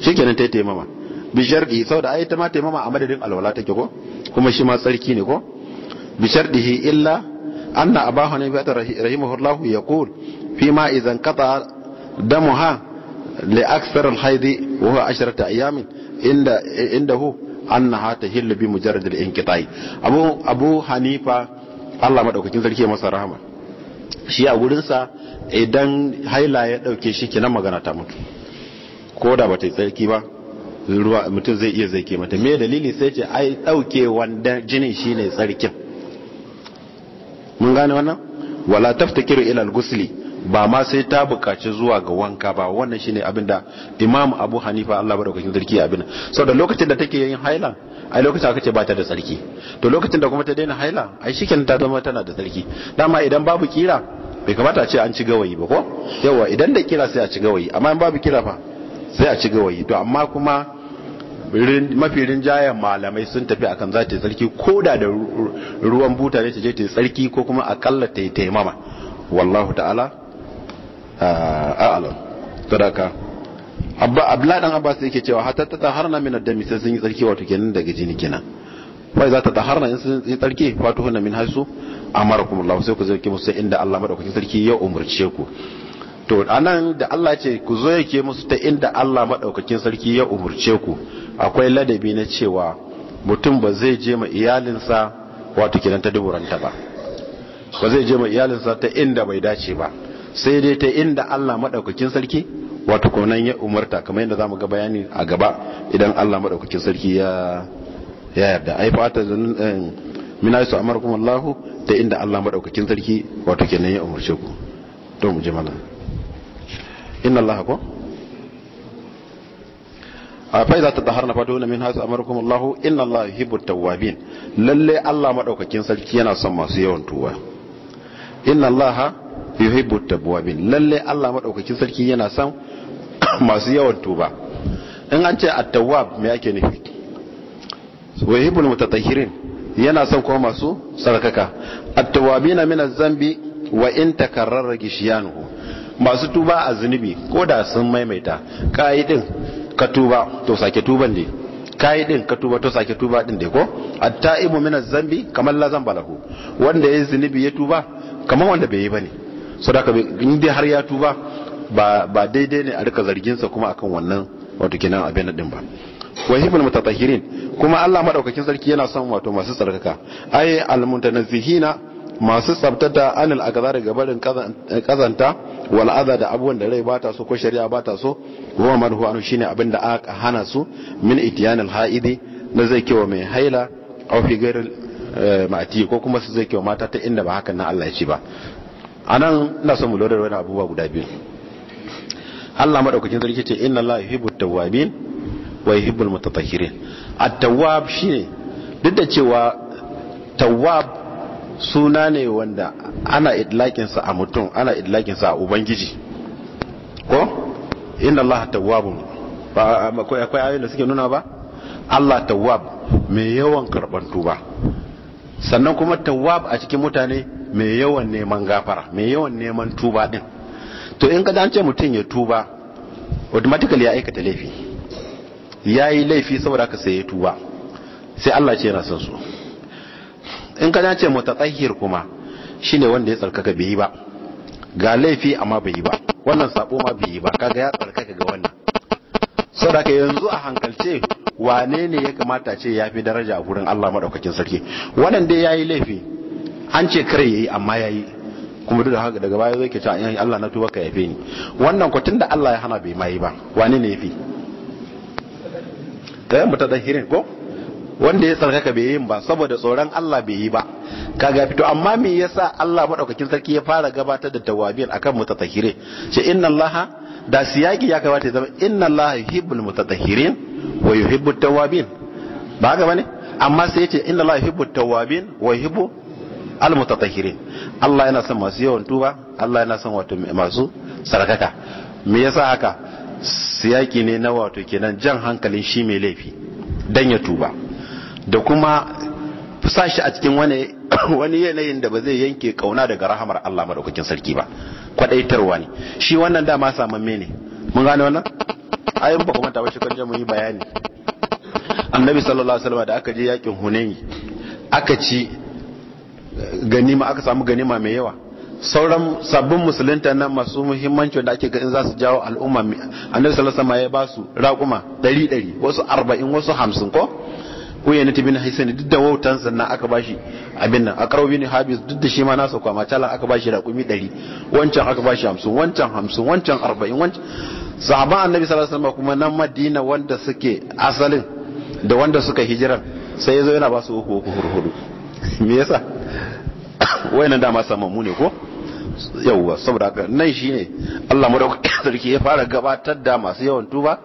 shi kenan ta yi taimama bisharɗi sau da ai ta ma taimama a madadin alwala take ko kuma shi ma tsarki ne ko bisharɗihi illa anna abahu ne bi ta rahimahullahu yaqul fi ma idan qata damuha لأكثر الحيض وهو عشرة أيام عنده أنها تهل بمجرد الانقطاع أبو أبو حنيفة الله مدوكين سركي masa مصر رحمة شيء أقول إنسا إذن هاي لا shi kenan magana ta mutu ko da bata yi ruwa mutum zai iya zai mata me dalili sai ce ai dauke wanda jini shi ne tsarkin mun gane wannan wala taftakiru ila al-ghusli ba ma sai ta bukaci zuwa ga wanka ba wannan shine abin da imam abu hanifa allah ba daukakin sarki abin sau da lokacin da take yin haila a lokacin aka ce ba ta da sarki to lokacin da kuma ta daina haila a shi ta zama tana da sarki dama idan babu kira bai kamata a ce an ci gawayi ba ko yawa idan da kira sai a ci gawayi amma in babu kira fa sai a ci gawayi to amma kuma mafi rinjayen malamai sun tafi akan za ta yi tsarki ko da da ruwan buta ne ta je ta yi tsarki ko kuma akalla ta yi taimama wallahu ta'ala a'lam sadaka abba abladan dan abbas yake cewa hatta ta taharna min ad sai sun yi tsarki wato kenan daga jini kenan wai za ta taharna in sun yi tsarki wato hunna min haisu amarakum Allah sai ku zauke musu inda Allah madaukakin sarki ya umurce ku to anan da Allah ce ku zo yake musu ta inda Allah madaukakin sarki ya umurce ku akwai ladabi na cewa mutum ba zai je ma iyalinsa wato kenan ta duburanta ba ba zai je ma iyalinsa ta inda bai dace ba sai dai ta inda Allah maɗaukakin sarki wata konan ya umarta kamar yadda mu ga bayani a gaba idan Allah maɗaukakin sarki ya ya yarda yi fata eh, mina su amarkum Allah ta inda Allah maɗaukakin sarki ke kenan ya umarce ku to mu je mana inna Allah ko A فإذا تطهرنا فدون من هذا أمركم الله إن الله يحب tawabin lallai Allah maɗaukakin sarki yana son masu yawan tuwa inna Allah yuhibbu tawwabin lalle Allah madaukakin sarki yana son masu yawan tuba in an ce at-tawwab me yake nufi wa yuhibbul mutatahhirin yana son kuma masu sarkaka at-tawwabina min az-zambi wa in takarrara gishyanuhu masu tuba a zunubi ko da sun maimaita kayi ka tuba to sake tuban ne kayi din ka tuba to sake tuba din dai ko at-ta'ibu min az-zambi kamar la zamba lahu wanda yayi zunubi ya tuba kamar wanda bai yi bane sadaka in dai har ya tuba ba daidai ne a rika sa kuma akan wannan wato kenan abin din ba wa hibul mutatahirin kuma Allah madaukakin sarki yana son wato masu tsarkaka ay al mutanazzihina masu tsabtata anil akaza gabarin barin kazanta wal adha da abubuwan da rai bata so ko shari'a bata so kuma marhu anu shine abin da aka hana su min itiyanil haidi na zai kewa mai haila aw fi ghairil eh, ma'ati ko kuma su zai kewa mata ta inda ba hakan na Allah ya ci ba a nan ina son mu lura da wani abubuwa guda biyu Allah maɗaukacin sarki ce inna Allah yuhibbu tawwabin wa yuhibbul mutatahhirin at-tawwab shine duk da cewa tawwab suna ne wanda ana idlakin sa a mutum ana idlakin sa a ubangiji ko inna Allah tawwabun ba akwai ayoyin da suke nuna ba Allah tawwab mai yawan karban tuba sannan kuma tawwab a cikin mutane mai yawan neman gafara mai yawan neman tuba din to in ka ce mutum ya tuba automatically ya aikata laifi ya yi laifi saboda ka sai ya tuba sai Allah ce yana son su in ka ce mutatahhir kuma shine wanda ya tsarkaka bai yi ba ga laifi amma bai yi ba wannan sabo ma bai yi ba kaga ya tsarkaka ga wannan saboda yanzu a hankalce wane ne ya kamata ce ya fi daraja a gurin Allah madaukakin sarki wannan dai yi laifi an ce kare yayi amma yayi kuma duk da haka daga baya zai ke ta eh, Allah na tuba ka yafe ni wannan ko tunda Allah ya hana bai mai ba wani ne yafi da mu ta hirin ko wanda ya sarkaka bai yin ba saboda tsoron Allah bai yi ba kaga fito amma me yasa Allah madaukakin sarki ya fara gabatar da tawabin akan mutatahire ce inna Allah da siyaki ya kawata zama inna Allah yuhibbul mutatahirin wa yuhibbut tawabin ba ga bane amma sai ya ce inna Allah yuhibbut tawabin wa yuhibbu almutatahirin Allah yana son masu yawan tuba Allah yana son wato masu sarakaka me yasa haka siyaki ne na wato kenan jan hankalin shi mai laifi dan ya tuba da kuma sa shi a cikin wani wani yanayin da ba zai yanke kauna daga rahamar Allah madaukakin sarki ba kwadaitarwa ne shi wannan dama samamme ne mun gane wannan ayin ba kuma ta kan jama'a yi bayani annabi sallallahu alaihi wasallam da aka je yakin hunayi aka ci ganima aka samu ganima mai yawa sauran sabbin musulunta nan masu muhimmanci da ake ganin za su jawo al'umma annabi sallallahu alaihi ya ba su raƙuma ɗari ɗari wasu arba'in wasu hamsin ko kuya na tibin haisan duk da wautan sannan aka bashi abin nan a karobi ne habis duk da shi ma nasa kwama cala aka bashi raƙumi ɗari wancan aka bashi hamsin wancan hamsin wancan arba'in wancan sahaban annabi sallallahu alaihi kuma nan madina wanda suke asalin da wanda suka hijira sai ya zo yana ba su uku uku hudu me yasa wayannan dama samammu ne ko yauwa saboda haka nan shine Allah madaukakin sarki ya fara gabatar da masu yawan tuba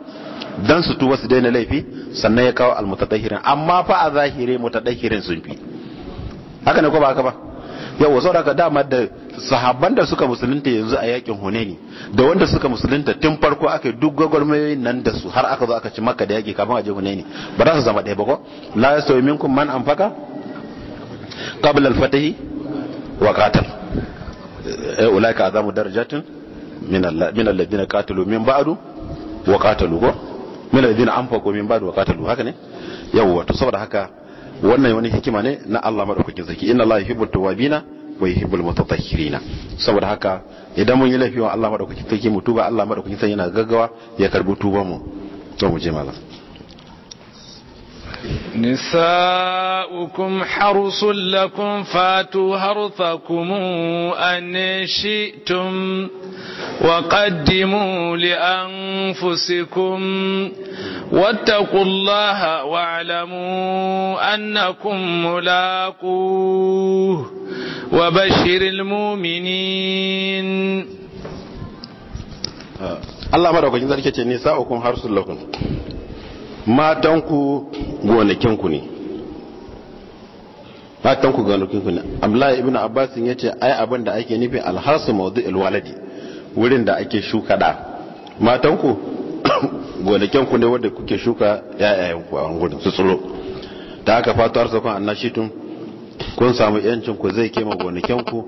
dan su tuba su daina laifi sannan ya kawo almutatahirin amma fa a zahire mutatahirin sun fi haka ne ko ba haka ba yauwa saboda haka dama da sahabban da suka musulunta yanzu a yakin Hunaini da wanda suka musulunta tun farko aka duk gwagwarmayoyin nan da su har aka zo aka ci Makka da yaki kafin a je Hunaini ba za su zama ɗaya ba ko la yasawi minkum man anfaqa قبل الفتح وقاتل wa qatal ulaika من من الذين قاتلوا من min وقاتلوا من الذين ko min بعد وقاتلوا min ba'du wa qatalu haka ne saboda haka wannan wani hikima ne na Allah madaukakin zaki inna Allah yuhibbu tawabina wa yuhibbul mutatahhirina saboda haka idan mun yi laifi wa Allah madaukakin zaki mu tuba Allah madaukakin sarki yana gaggawa ya karbi tuban mu to mu je malam نساؤكم حرص لكم فاتوا حرثكم أن شئتم وقدموا لأنفسكم واتقوا الله واعلموا أنكم ملاقوه وبشر المؤمنين الله مرحبا جزاك نساؤكم حرص لكم matanku gonakinku ne matanku gonakinku ne abdullahi ibn abbas ya ce ai abin da ake nufi alhasu mawdu alwaladi wurin da ake shuka da matanku gonakinku ne wanda kuke shuka ku a gurin su tsiro da aka har sakon annashitun kun samu yancin ku zai kema gonakinku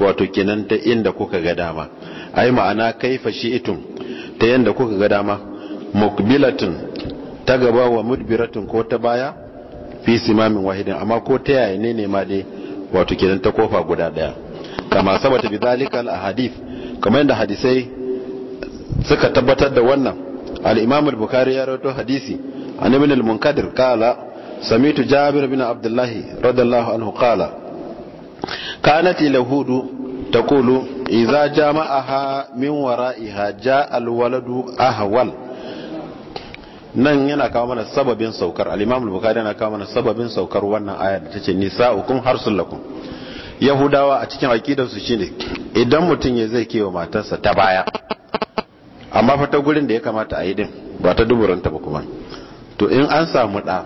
wato kenan ta inda kuka ga dama ai ma'ana kaifa shi'itun ta yanda kuka ga dama mukbilatun ta gaba wa mudbiratun ko ta baya fi simamin wahidin amma ko ta yaya ne ne ma dai wato kenan ta kofa guda daya kama sabata bi zalika al ahadith kamar yadda hadisai suka tabbatar da wannan al imam al bukhari ya rawaito hadisi an ibn al munkadir qala samitu jabir bin abdullah radallahu anhu qala kanat al yahudu taqulu idza jama'aha min wara'iha ja'a al waladu ahwal nan yana kawo mana sababin saukar al-imam al-bukhari yana kawo mana sababin saukar wannan aya da tace nisa'ukum harsul lakum yahudawa a cikin aqidar su shine idan mutum ya zai kewa matarsa ta baya amma fa ta gurin da ya kamata a yi din ba ta duburanta ba kuma to in an samu da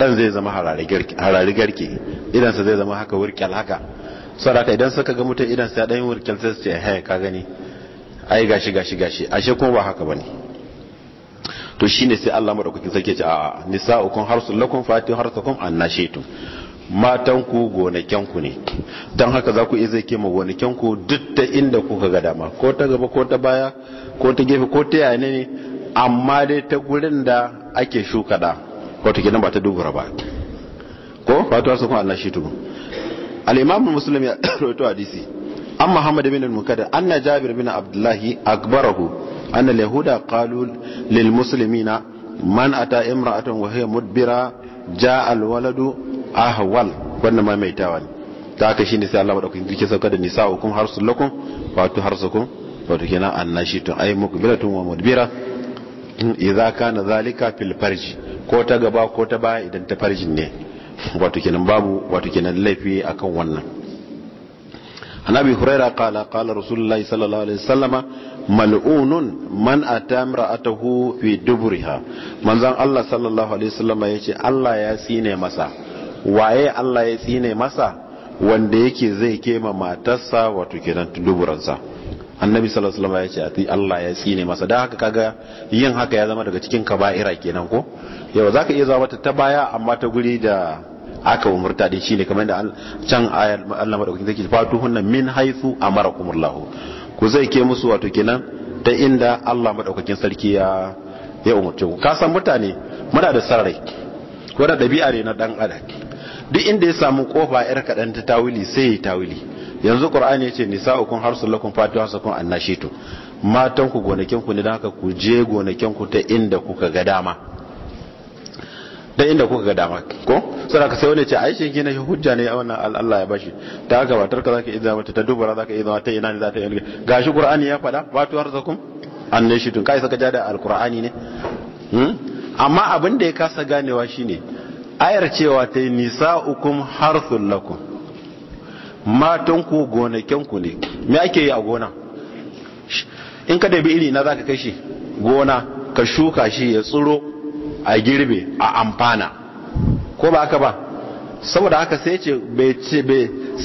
dan zai zama harare garke idan sa zai zama haka wurkel haka saboda idan suka ga mutum idan sa dan wurkel sai su ce ka gani ai gashi gashi gashi ashe kuma ba haka bane to shine sai Allah madaukakin sarki ce a nisa'ukum harsul lakum fatu harsakum annashitum matan ku gonakin ku ne dan haka za ku iya zai kema gonakin ku duk ta inda kuka ga dama ko ta gaba ko ta baya ko ta gefe ko ta yane ne amma dai ta gurin da ake shuka da wato kenan ba ta dubura ba ko fatu harsakum annashitu al-imam muslim ya rawaito hadisi an muhammad bin al mukaddam anna jabir bin abdullahi akbarahu أن اليهود قالوا للمسلمين من أتى امرأة وهي مدبرة جاء الولد أهول وإنما ميتاوان تاكا شيني sai الله مدوكين كي سوكا نساؤكم حرص لكم واتو حرصكم wato kina kenan annashitun ai mukbilatun wa mudbira idza kana zalika fil farji ko ta gaba ko ta baya idan ta farjin ne wato kenan babu wato kenan laifi akan wannan annabi huraira qala qala rasulullahi sallallahu alaihi wasallama mal'unun man atamra atahu fi duburiha manzan Allah sallallahu alaihi wasallam yace Allah ya tsine masa waye Allah ya tsine masa wanda yake zai kema matarsa wato kenan duburansa annabi sallallahu alaihi wasallam ya ce Allah ya tsine masa da haka kaga yin haka ya zama daga cikin kaba'ira kenan ko yau zaka iya zama ta baya amma ta guri da aka umurta shi shine kamar da can ayar Allah madaukakin take fatuhunna min haythu amarakumullahu ku zai ke musu wato kenan ta inda Allah madaukakin sarki ya ya umurce ku ka san mutane muna da sarrai ko da dabi'a ne na dan adam duk inda ya samu kofa yar kadan ta tawili sai ya tawili yanzu qur'ani yace nisa'ukum harsulakum lakum fatihu hasakum annashitu matan ku gonakin ku ne dan haka ku je gonakin ku ta inda kuka ga dama da inda kuka ga dama ko sai ka sai wani ce ai shi hujja ne wannan Allah ya bashi ta gabatar ka tarka zaka idza mata ta dubara zaka idza ta ina ne za ta yi gashi qur'ani ya fada ba tu arzakum tun kai saka jada alqur'ani ne hmm? amma abin da ya kasa ganewa shine ayar cewa ta nisa'ukum harthul lakum matan ku gonakin ku ne me ake yi a gona in ka dabi iri na zaka kai shi gona ka shuka shi ya tsiro a girbe a amfana ko ba haka ba saboda haka sai ce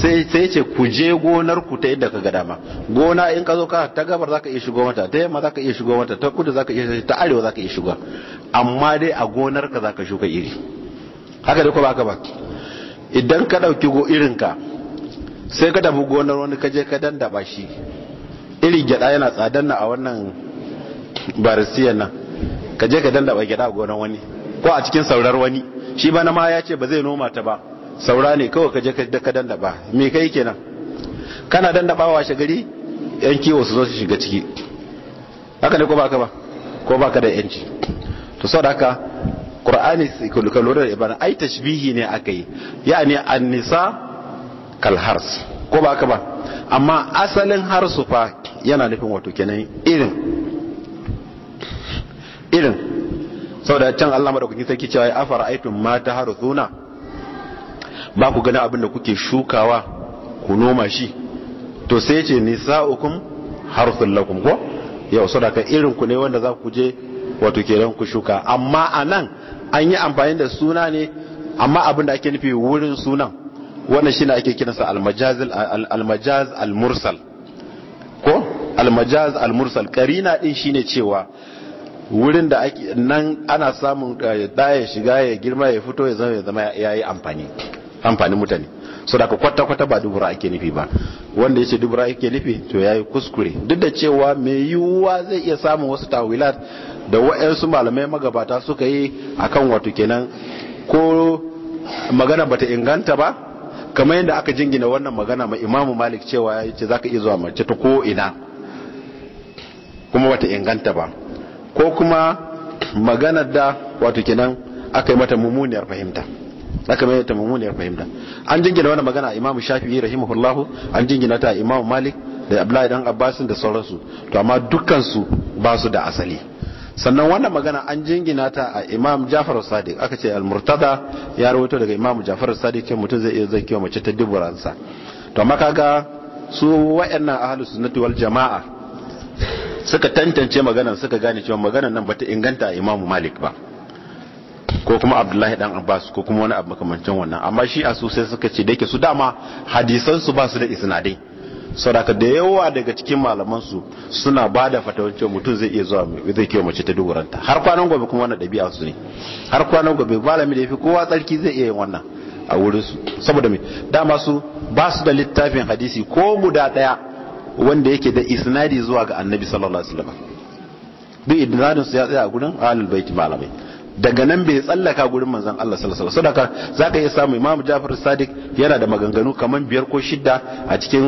sai ce ku je gonar ku ta yadda ka ga dama gona in ka zo ka ta gabar zaka iya shigo mata ta yamma zaka iya shigo mata ta kudu zaka iya ta arewa zaka iya shigo amma dai a gonar ka zaka shuka iri haka dai ko ba haka ba idan ka dauki go irin ka sai ka tafi gonar wani ka je ka dandaba shi iri gyada yana tsadan na a wannan barisiyan nan ka je ka dandaba gida a gonan wani ko a cikin saurar wani shi bana ma ya ce ba zai noma ta ba saura ne kawai ka je ka dandaba me kai kenan kana dandabawa wa shagari yan kiwo su zo su shiga ciki haka ne ko baka ba ko baka da yanci to saboda haka qur'ani ka lura da ibana ai tashbihi ne akai yani an-nisa kal hars ko baka ba amma asalin harsu fa yana nufin wato kenan irin irin da can Allah madaukakin sarki cewa ya afara aitun mata harzuna ba ku gani abin da kuke shukawa ku noma shi to sai ce nisa'ukum harsul lakum ko yau ka irin ku ne wanda za ku je wato kenan ku shuka amma anan an yi amfani da suna ne amma abin da ake nufi wurin sunan wannan shine ake kiransa almajaz almajaz almursal ko almajaz almursal karina din shine cewa wurin da ake nan ana samun eh, daya shiga ya girma ya fito ya zama ya zama ya yi amfani amfanin mutane so da kwata kwata ba dubura ake nufi ba wanda ya ce dubura ake nufi to ya yi kuskure duk da cewa mai yiwuwa zai iya samun wasu tawilat da wa'yansu malamai magabata suka yi akan wato kenan ko magana bata inganta ba kamar yadda aka jingina wannan magana ma imamu malik cewa ya ce za ka iya zuwa mace ta ko ina kuma bata inganta ba ko kuma maganar da wato kenan aka yi mata mummuniyar fahimta aka yi mata mummuniyar fahimta an jingina wani magana imamu shafi'i rahimahullahu an jingina ta imamu malik da abdullahi dan abbasin da sauransu to amma dukkan su ba su da asali sannan wannan magana an jingina ta a imam jafar sadiq aka ce al ya rawaito daga imam jafar sadiq ce mutum zai iya zakiwa mace ta duburansa to amma kaga su wa'annan ahlus sunnati wal jama'a suka tantance maganar suka gane cewa maganar nan bata inganta imamu malik ba ko kuma abdullahi dan abbas ko kuma wani abu makamancin wannan amma shi a sosai suka ce da yake su dama hadisan su ba da isnadai saboda da yawa daga cikin malaman su suna ba da cewa mutum zai iya zuwa zai kiwa mace ta duburanta har kwanan gobe kuma wannan ɗabi'a su ne har kwanan gobe malami da yafi kowa tsarki zai iya yin wannan a wurin su saboda me dama su ba su da littafin hadisi ko guda ɗaya wanda yake da isnadi zuwa ga annabi sallallahu alaihi wasallam duk isnadin su ya tsaya a gurin ahlul baiti malamai daga nan bai tsallaka gurin manzon Allah sallallahu alaihi wasallam sadaka zaka iya samu imamu Ja'far Sadiq yana da maganganu kaman biyar ko shidda a cikin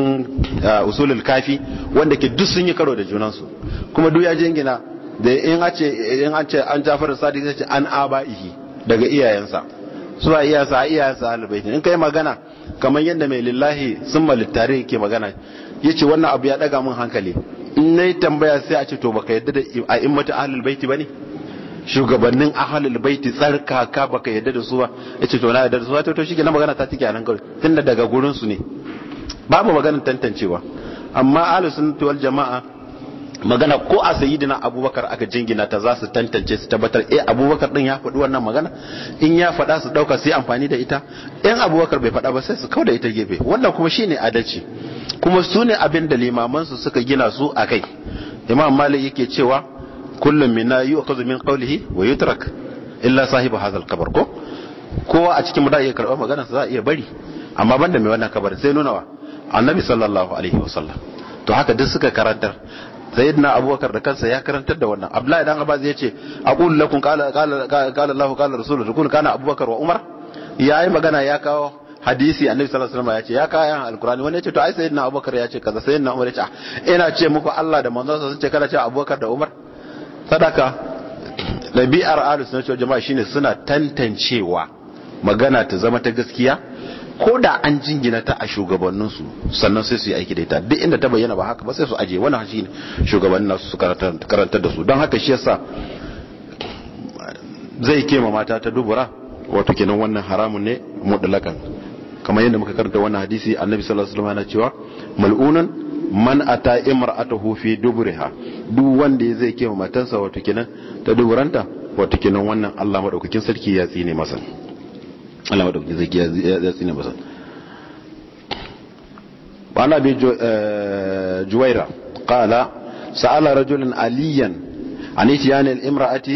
uh, usulul kafi wanda ke duk sun yi karo da junansu kuma duk ya jingina da in ce in ce an Ja'far Sadiq sai ce an abaihi daga iyayensa su a iyayensa a iyayensa ahlul baiti in kai magana kaman yadda mai lillahi summa littare ke magana ce wannan abu ya daga min hankali in na yi tambaya sai a ce to baka yadda da a mata ahlul baiti ba ne shugabannin ahlul baiti tsarkaka baka yadda da su ba ce to na yadda da su to to shike na magana ta tike nan kawai da daga gurinsu ne ne babu maganar tantancewa amma ahlus sunnati wal jama'a magana ko a sayidina abubakar aka jingina ta za su tantance su tabbatar eh abubakar din ya faɗi wannan magana in ya faɗa su ɗauka su yi amfani da ita in abubakar bai faɗa ba sai su kawo da ita gefe wannan kuma shine adalci kuma su ne abin da limaman su suka gina su a kai imam malik yake cewa kullum wa yu'khadhu min qawlihi wa yutrak illa sahibu hadhal qabr ko kowa a cikin mu da iya karɓar magana za a iya bari amma banda mai wannan kabarin sai nuna wa annabi sallallahu alaihi wasallam to haka duk suka karantar sayyidina abubakar da kansa ya karantar da wannan abdullahi dan abbas yace a aqul lakum qala qala qala allah qala rasul kuna kana abubakar wa umar yayi magana ya kawo hadisi annabi sallallahu alaihi wasallam ya ce ya kawo ayan alqur'ani wani ya ce to ai sayyidina abubakar ya ce kaza sayyidina umar ya ce ah, ina ce muku allah da manzon sun ce kana ce abubakar da umar sadaka dabi'ar ahlus sunna jama'a shine suna tantancewa magana ta zama ta gaskiya ko da an jingina ta a shugabanninsu sannan sai su yi aiki da ita duk inda ta bayyana ba haka ba sai su aje wani hashi shugabannin nasu su karantar da su don haka shi yasa zai kema mata ta dubura wato kenan wannan haramun ne mutlakan kamar yadda muka karanta wannan hadisi annabi sallallahu alaihi wasallam yana cewa mal'unan man ata imra'atuhu fi duburiha duk wanda zai kema matansa wato kenan ta duburanta wato kenan wannan Allah madaukakin sarki ya tsine masa Allah dauki zakiya ya tsine masa wa ana bi eh, juwaira qala sa'ala rajulun aliyan an itiyani al-imra'ati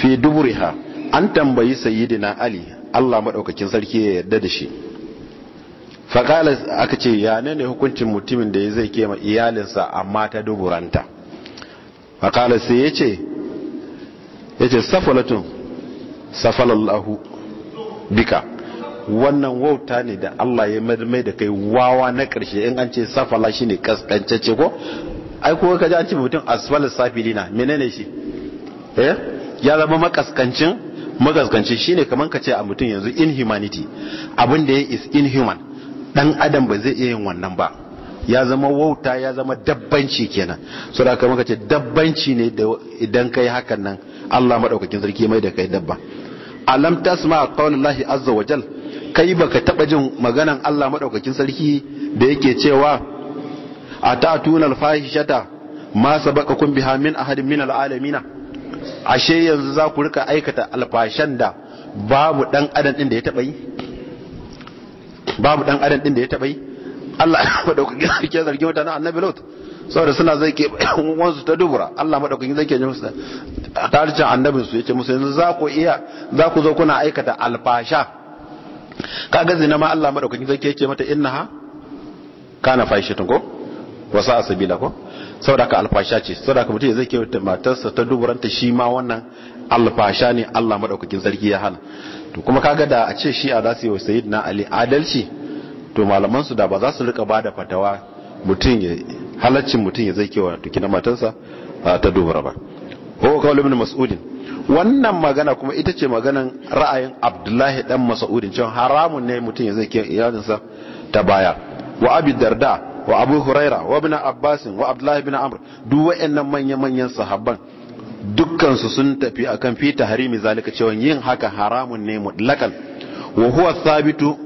fi duburiha an tambayi sayyidina ali Allah madaukakin sarki ya yarda da shi faƙala aka ce ya ne hukuncin mutumin da ya zai kema iyalinsa amma ta duburanta qala sai yace yace safalatun safalallahu bika wannan wauta ne da Allah ya mai da kai wawa na ƙarshe in an ce safala shine kaskancece ko ai ko ka ji an ce mutum asfal safilina menene shi eh? ya zama makaskancin makaskanci shine kamar ka ce a mutum yanzu inhumanity abin da ya is inhuman dan adam ba zai iya yin wannan ba ya zama wauta ya zama dabbanci kenan so da kamar ka ce dabbanci ne idan kai hakan nan Allah madaukakin sarki mai da kai dabba alam tasma qawlan azza wa jal kai baka taba jin maganan Allah madaukakin sarki da yake cewa atatuna alfahishata ma sabaqakum biha min ahadin min alalamina ashe yanzu za ku rika aikata alfashan da babu dan adam din da ya taba yi babu dan adam din da ya taba yi Allah madaukakin sarki zargi mutanen annabi lot saboda suna zai ke wansu ta dubura Allah madaukakin zai ke musu tarcin annabin su yace musu yanzu za ku iya za ku zo kuna aikata alfasha kaga zina ma Allah madaukakin zai ke mata innaha kana fahishatun ko wasa asabila ko saboda ka alfasha ce saboda ka mutum zai ke matarsa ta duburanta shi ma wannan alfasha ne Allah madaukakin sarki ya hana to kuma kaga da a ce shi a za su yi wa sayyidina ali adalci to malaman su da ba za su rika bada fatawa mutum ya halaccin mutum ya zai kewa tuki na matansa ta dubara ba ko kawai ibn mas'udin wannan magana kuma ita ce maganan ra'ayin abdullahi dan mas'udin cewa haramun ne mutum ya zai kewa iyalinsa ta baya wa abi darda wa abu huraira wa ibn abbas wa abdullahi ibn amr duk wayannan manyan manyan sahabban dukkansu sun tafi akan fi tahrimi zalika cewa yin haka haramun ne mutlakan wa huwa thabitu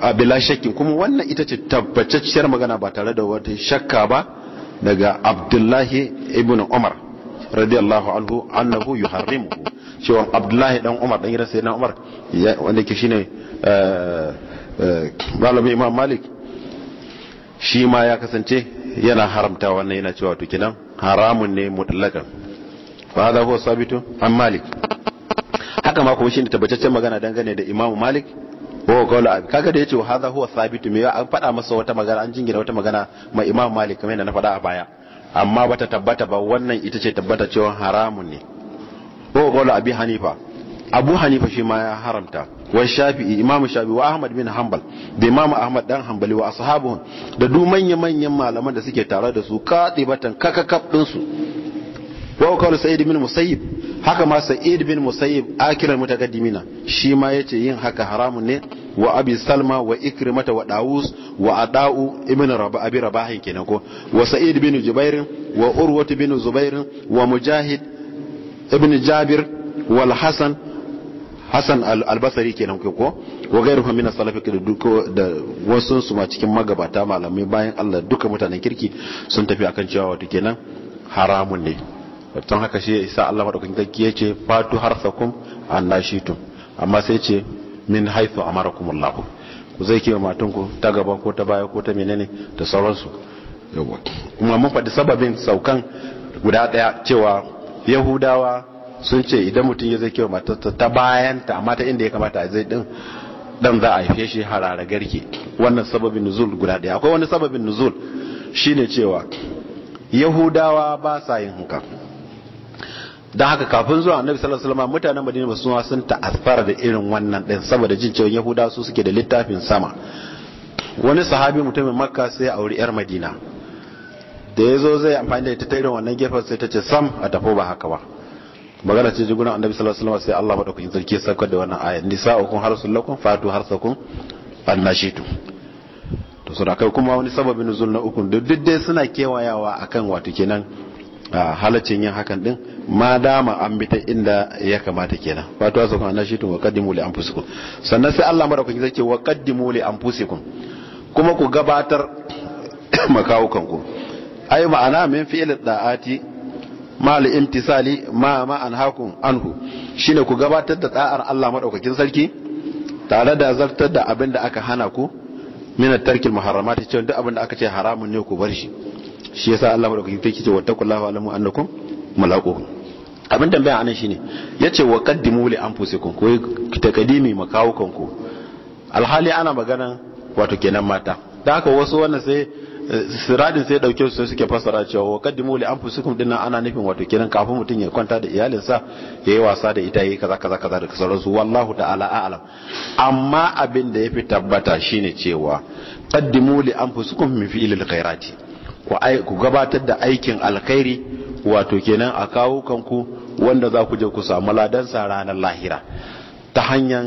a bila shakkin kuma wannan ita ce tabbatacciyar magana ba tare da wata shakka ba daga abdullahi ibn umar radiyallahu anhu annahu yuharrimu cewa abdullahi dan umar dan gidan sayyidina umar wanda ke shine eh, eh, malami imam malik shi ma ya kasance yana haramta wannan yana cewa to kinan haramun ne mutallaka fa hada huwa sabitu an malik haka ma kuma shine tabbataccen magana dangane da imam malik wa kaga da yace wa hadha huwa sabit me an fada masa wata magana an jingina wata magana mai imam malik kamar yadda na fada a baya amma bata tabbata ba wannan ita ce tabbata cewa haramun ne wa qawla abi hanifa abu hanifa shi ma ya haramta wa shafi'i imam shafi'i wa ahmad bin hanbal da imam ahmad dan hanbali wa ashabuhu da du manya manyan malaman da suke tare da su katibatan kakakab din su wa qawlu sa'id bin musayyib haka ma sa'id bin musayyib akiran mutaqaddimina shi ma yace yin haka haramun ne wa abi salma wa ikrimata wa dawus wa adau ibn rabi abi rabah kenan ko wa sa'id bin jubair wa urwat bin zubair wa mujahid ibn jabir wal hasan hasan albasari kenan ko wa gairuhum min as-salaf da wasu su ma cikin magabata malamai bayan Allah duka mutanen kirki sun tafi akan cewa wato kenan haramun ne don haka shi isa Allah gaggi ya ce fatu harsakum annashitum amma sai ce min haythu amarakumullah ku zai kiwa matan ku ta gaba ko ta baya ko ta menene da sauransu yawa kuma mun faɗi sababin saukan guda ɗaya cewa yahudawa sun ce idan mutum ya zai kiwa matarsa ta bayan ta amma ta inda ya kamata zai ɗin ɗan za a haife shi harara garke wannan sababin nuzul guda ɗaya akwai wani sababin nuzul shine cewa yahudawa ba sa yin haka don haka kafin zuwa annabi sallallahu alaihi wasallam mutanen madina ba su sun asfara da irin wannan din saboda jin cewa yahuda su suke da littafin sama wani sahabi mutumin makka sai ya auri yar madina da ya zo zai amfani da ita ta irin wannan gefen sai ta ce sam a tafo ba haka ba magana ce jigunan annabi sallallahu alaihi wasallam sai Allah madaukakin sarki ya saukar da wannan aya nisa'ukum harsul lakum fatu harsakum annashitu to sura kai kuma wani sababin nuzul na uku duk dai suna kewayawa akan wato kenan halaccin yin hakan din ma dama an bi ta inda ya kamata kenan wato asa kana shi tun waqaddimu li anfusikum sannan sai Allah madaukakin zai ce waqaddimu li anfusikum kuma ku gabatar makawukanku ku ai ma'ana min fi'il da'ati ma al imtisali ma ma anhakum anhu shine ku gabatar da da'ar Allah madaukakin sarki tare da zartar da abin da aka hana ku min tarkil muharramati cewa duk abin da aka ce haramun ne ku bar shi shi yasa Allah madaukaki take ce wattaqullaha alamu annakum mulaquhu abin tambaya anan shine yace wa qaddimu li anfusikum ko takadimi makawukan ku alhali ana magana wato kenan mata da haka wasu wannan sai siradin sai dauke su suke fasara cewa wa qaddimu li anfusikum din ana nufin wato kenan kafin mutun ya kwanta da iyalinsa yayi wasa da ita yayi kaza kaza kaza da sauransu wallahu ta'ala a'lam amma abin da yafi tabbata shine cewa qaddimu li anfusikum min fi'lil khairati ku gabatar da aikin alkhairi wato kenan a kawo kanku wanda za ku je ku samu ladansa ranar lahira ta hanyar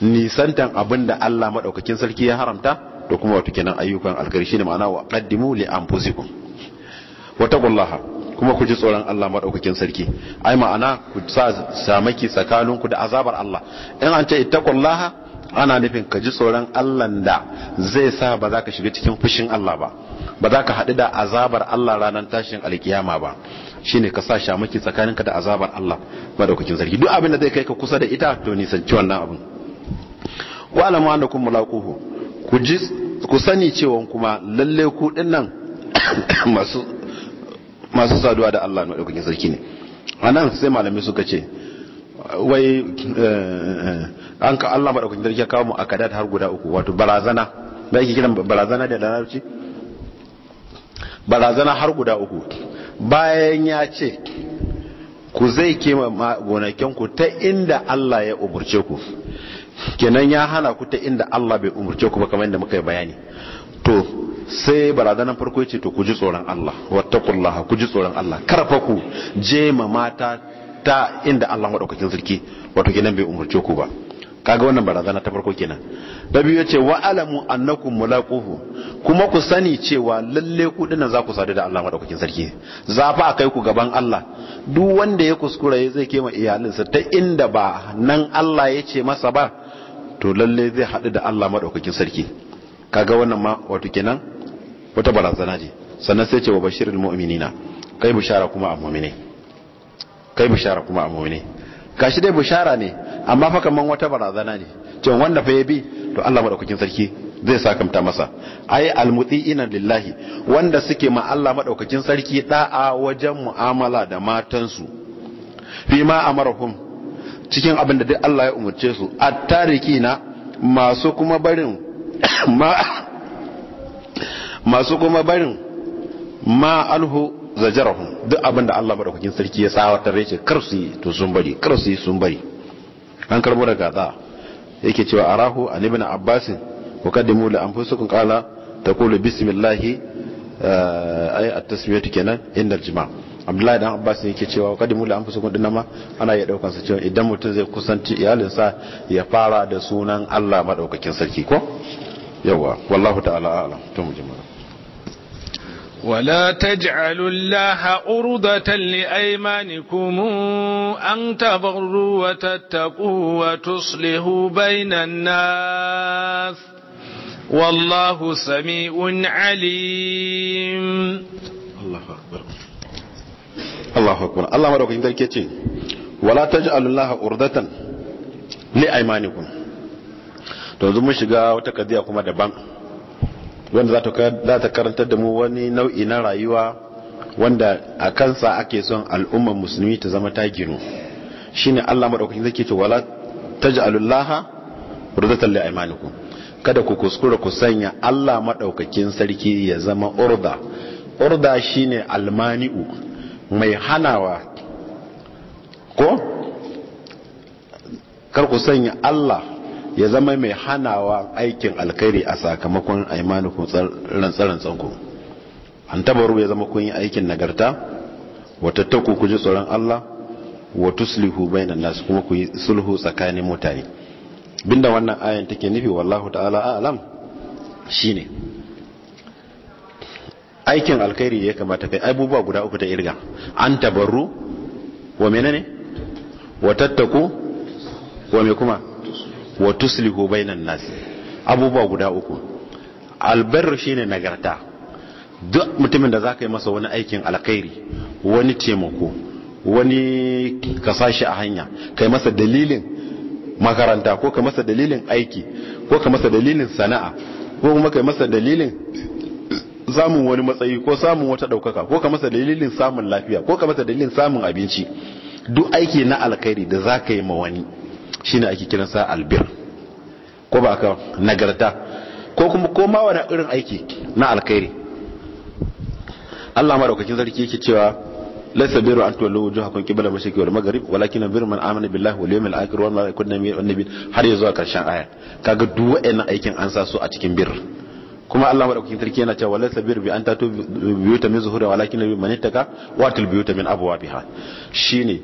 nisantan abin da Allah maɗaukakin sarki ya haramta da kuma wato kenan ayyukan alkhairi shine ma'ana wa qaddimu li anfusikum wa taqullaha kuma ku ji tsoron Allah maɗaukakin sarki ai ma'ana ku sa samaki tsakaninku da azabar Allah in an ce ittaqullaha ana nufin ka ji tsoron Allah da zai sa ba za ka shiga cikin fushin Allah ba ba za ka haɗu da azabar Allah ranar tashin alkiyama ba shine ka sa shamaki tsakaninka da azabar Allah zargi duk abin da zai kai ka kusa da ita to nisanci wannan abin wa alamu an da ku ji ku sani cewa kuma lalle ku ɗin masu masu saduwa da Allah sarki ne anan sai malamai suka ce wai eh, eh, an ka Allah madaukakin sarki ya kawo mu akadat har guda uku wato barazana da yake kiran barazana da larabci barazana har guda uku bayan ya ce ku zai ke gonakin ku ta inda Allah ya umurce ku kenan ya hana ku ta inda Allah bai umurce ku ba kamar yadda muka yi bayani to sai barazanan farko yace to ku ji tsoron Allah wattaqullaha ku ji tsoron Allah karfa ku je ma mata ta inda Allah madaukakin sarki wato kenan bai umurce ku ba kaga wannan barazana ta farko kenan da biyu yace wa alamu annakum mulaquhu kuma ku sani cewa lalle ku dinnan za ku sadu da Allah madaukakin sarki za fa akai ku gaban Allah duk wanda ya kuskura zai kema iyalinsa ta inda ba nan Allah yace masa ba to lalle zai hadu da Allah madaukakin sarki kaga wannan ma wato kenan wata barazana ce sannan sai ce wa bashirul mu'minina kai bishara kuma a mu'mini kai bishara kuma a mu'mini gashi dai bushara ne amma fa kaman wata barazana ne cewa wanda fa ya bi to Allah madaukakin sarki zai sakamta masa ai almuti'ina lillahi wanda suke ma Allah madaukakin sarki da'a wajen mu'amala da matansu fi ma amarhum cikin abin da duk Allah ya umurce su attarikina masu kuma barin masu kuma barin ma alhu zajarahu duk abin da Allah madaukakin sarki ya sawa tare kar su yi to sun bari kar su yi sun bari an karbo daga da yake cewa arahu an ibn abbas wa qaddimu li anfusikum qala taqulu bismillahi eh, ay at-tasmiyatu kenan inda al-jima' abdullahi dan abbas yake cewa qaddimu li anfusikum dinna ma ana iya daukan sa cewa idan mutum zai kusanci iyalin sa ya fara da sunan Allah madaukakin sarki ko yawa wallahu ta'ala a'lam to mu ولا تجعلوا الله عرضة لأيمانكم أن تبروا وتتقوا وتصلحوا بين الناس والله سميع عليم الله أكبر الله أكبر الله أكبر الله أكبر ولا تجعلوا الله عرضة لأيمانكم to yanzu mun shiga wata kadiya kuma daban wanda za ta karantar da mu wani nau'i na rayuwa wanda a kansa ake son al'ummar musulmi ta zama ta ginu shine Allah madaukakin zai ce wala taj'alullaha urdatan a imaniku. kada ku kuskura ku sanya Allah maɗaukacin sarki ya zama urda urda shine almani'u mai hanawa ko kar ku sanya Allah ya zama mai hanawa aikin alkhairi a sakamakon aimanukun tsanku an tabaru ya zama kun yi aikin nagarta wata taku ku ji tsoron Allah wa tuslihu bainan nasu kuma ku yi sulhu tsakanin mutane binda wannan ayan take nufi wallahu ta'ala a'lam shine aikin alkhairi ya kamata kai abubuwa guda uku ta irga an tabaru wa menene wa tattaku wa me kuma wa tuslihu bainan nas abubuwa guda uku albarru shine nagarta duk mutumin da zaka yi masa wani aikin alkhairi wani taimako wani ka sashi a hanya kai masa dalilin makaranta ko ka masa dalilin aiki ko ka masa dalilin sana'a ko kuma kai masa dalilin samun wani matsayi ko samun wata ɗaukaka ko ka masa dalilin samun lafiya ko ka masa dalilin samun abinci duk aiki na alkhairi da za ka yi ma wani shi ne ake kiransa albir ko ba aka nagarta ko kuma koma wani irin aiki na alkairi Allah madaukakin sarki yake cewa laysa biru an tuwallu wujuhakum qibla mashriqi wal maghrib walakin biru man amana billahi wal yawmil akhir wa ma kunna min annabi har ya zuwa karshen aya kaga duk wa'annan aikin an sa su a cikin bir kuma Allah madaukakin sarki yana cewa laysa biru bi an tatu biyuta min zuhura walakin bi man wa til biyuta min abwabiha shine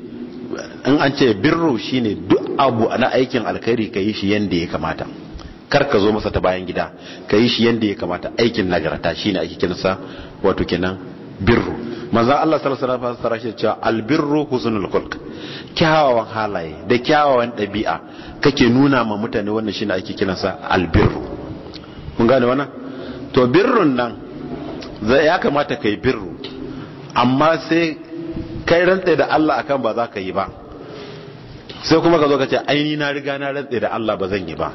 in an ce birru shine duk abu na aikin alkhairi ka yi shi yanda ya kamata kar ka zo masa ta bayan gida ka yi shi yanda ya kamata aikin nagarta shine ake kinsa wato kenan birru manzo Allah sallallahu alaihi wasallam shi cewa albirru husnul khulq kyawawan halaye da kyawawan dabi'a kake nuna ma mutane wannan shine ake kinsa albirru mun gane wannan to birrun nan ya kamata kai birru amma sai kai rantse da Allah akan ba za ka yi ba sai kuma ka zo ka ce aini na riga na rantse da Allah ba zan yi ba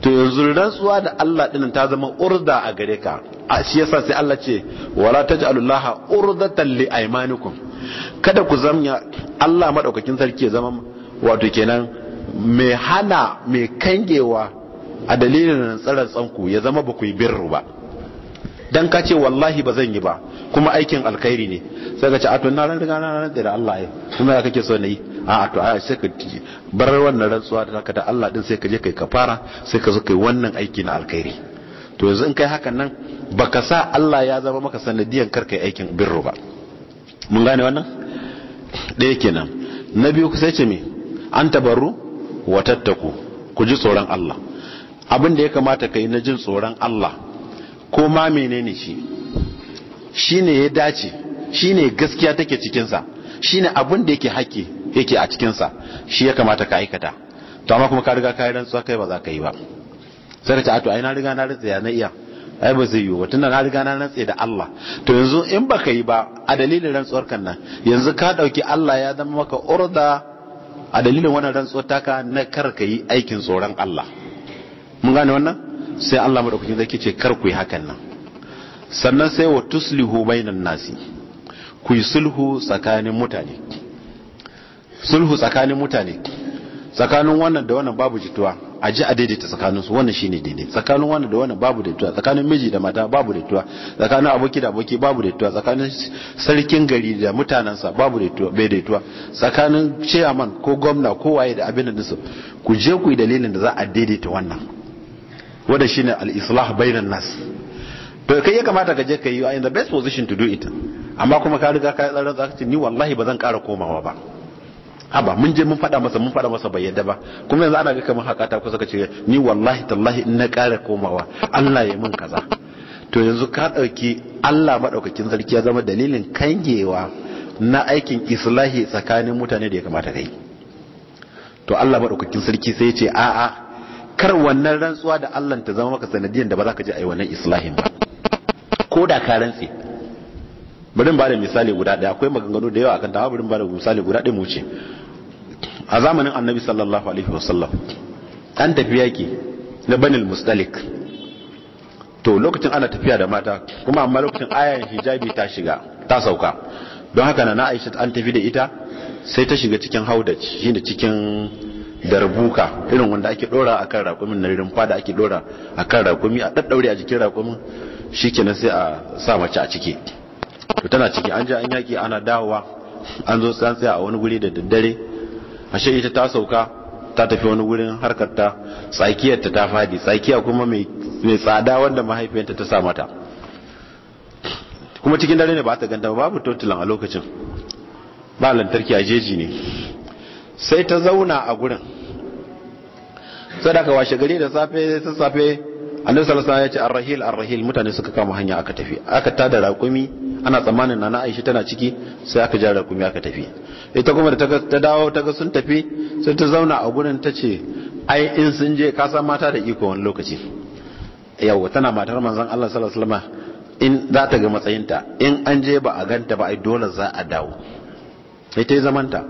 to yanzu rantsuwa da Allah din ta zama urda a gare ka a shi yasa sai Allah ce wala taj'alullaha urdatan li aymanikum kada ku zamya Allah madaukakin sarki ya zama wato kenan mai hana mai kangewa a dalilin rantsaran tsanku ya zama ba ku yi birru ba dan ka ce wallahi ba zan yi ba kuma aikin alkhairi ne sai ka ce a to na ran riga na ran da Allah ya kuma ya kake so na yi a to a sai ka bar wannan rantsuwa da ka da Allah din sai ka je kai kafara sai ka zo kai wannan aiki na alkhairi to yanzu in kai hakan nan baka sa Allah ya zama maka sanadiyan kai aikin birru ba mun gane wannan Daya kenan na biyu sai ce me an tabarru wa tattaku ku ji tsoron Allah abin da ya kamata kai na jin tsoron Allah ko ma menene shi shi ne ya dace shi ne gaskiya take cikinsa shi ne abin da yake haƙƙi yake a cikinsa shi ya kamata ka aikata to amma kuma ka riga ka yi rantsuwa kai ba za ka yi ba sai ta to ai na riga na rantsa ya na iya ai ba zai yi ba tunda na riga na rantsa da Allah to yanzu in ba ka yi ba a dalilin rantsuwar kan nan yanzu ka dauki Allah ya zama maka urda a dalilin wannan rantsuwar taka na kar ka yi aikin tsoron Allah mun gane wannan sai Allah madaukakin zai ce kar ku yi hakan nan sannan sai wa tuslihu bainan nasi ku yi sulhu tsakanin mutane sulhu tsakanin mutane tsakanin wannan da wannan babu jituwa a ji a daidaita tsakanin su wannan shine daidai tsakanin wannan da wannan babu daidaituwa tsakanin miji da mata babu daidaituwa tsakanin aboki da aboki babu daidaituwa tsakanin sarkin gari da mutanensa babu daidaituwa bai daidaituwa tsakanin chairman ko gwamna ko waye da abin da su ku je ku yi dalilin da za a daidaita wannan wanda shine al-islah bainan nas to kai ya kamata ka je kai in the best position to do it amma kuma ka riga ka tsaron zaka ce ni wallahi ba zan ƙara komawa ba haba mun je mun faɗa masa mun faɗa masa bai yadda ba kuma yanzu ana ga kamar hakata kusa ka ce ni wallahi tallahi in na ƙara komawa Allah ya mun kaza to yanzu ka ɗauki Allah maɗaukakin sarki ya zama dalilin kangewa na aikin islahi tsakanin mutane da ya kamata kai to Allah maɗaukakin sarki sai ya ce a'a kar wannan rantsuwa da Allah ta zama maka sanadiyan da ba za ka je a yi wannan islahin ba ko da ka rantse bari ba da misali guda ɗaya akwai maganganu da yawa akan ta bari ba da misali guda ɗaya mu ce a zamanin annabi sallallahu alaihi wasallam an tafi yaki na banil mustalik to lokacin ana tafiya da mata kuma amma lokacin ayan hijabi ta shiga ta sauka don haka na na aisha an tafi da ita sai ta shiga cikin shi da cikin da rabuka irin wanda ake dora kan rakumin na ririn da ake dora kan rakumi a daddaure a jikin rakumin shikenan sai a sa mace a ciki to tana ciki an ji an yaki ana dawowa an zo san tsaya a wani guri da daddare ashe ita ta sauka ta tafi wani gurin harkar ta tsakiyar ta fadi tsakiya kuma mai tsada wanda mahaifiyarta ta sa mata kuma cikin dare ne ba ta ganta babu totilan a lokacin ba lantarki a jeji ne sai ta zauna a gurin sadaka washe gari da safe sassafe annabi sallallahu alaihi ya ce arrahil arrahil mutane suka kama hanya aka tafi aka tada rakumi ana tsammanin nana Aisha tana ciki sai aka ja rakumi aka tafi ita kuma da ta dawo ta ga sun tafi sai ta zauna a gurin ta ce ai in sun je ka san mata da iko wani lokaci yawa tana matar manzon Allah sallallahu alaihi wasallam in za ta ga matsayinta in an je ba a ganta ba ai dole za a dawo sai ta zamanta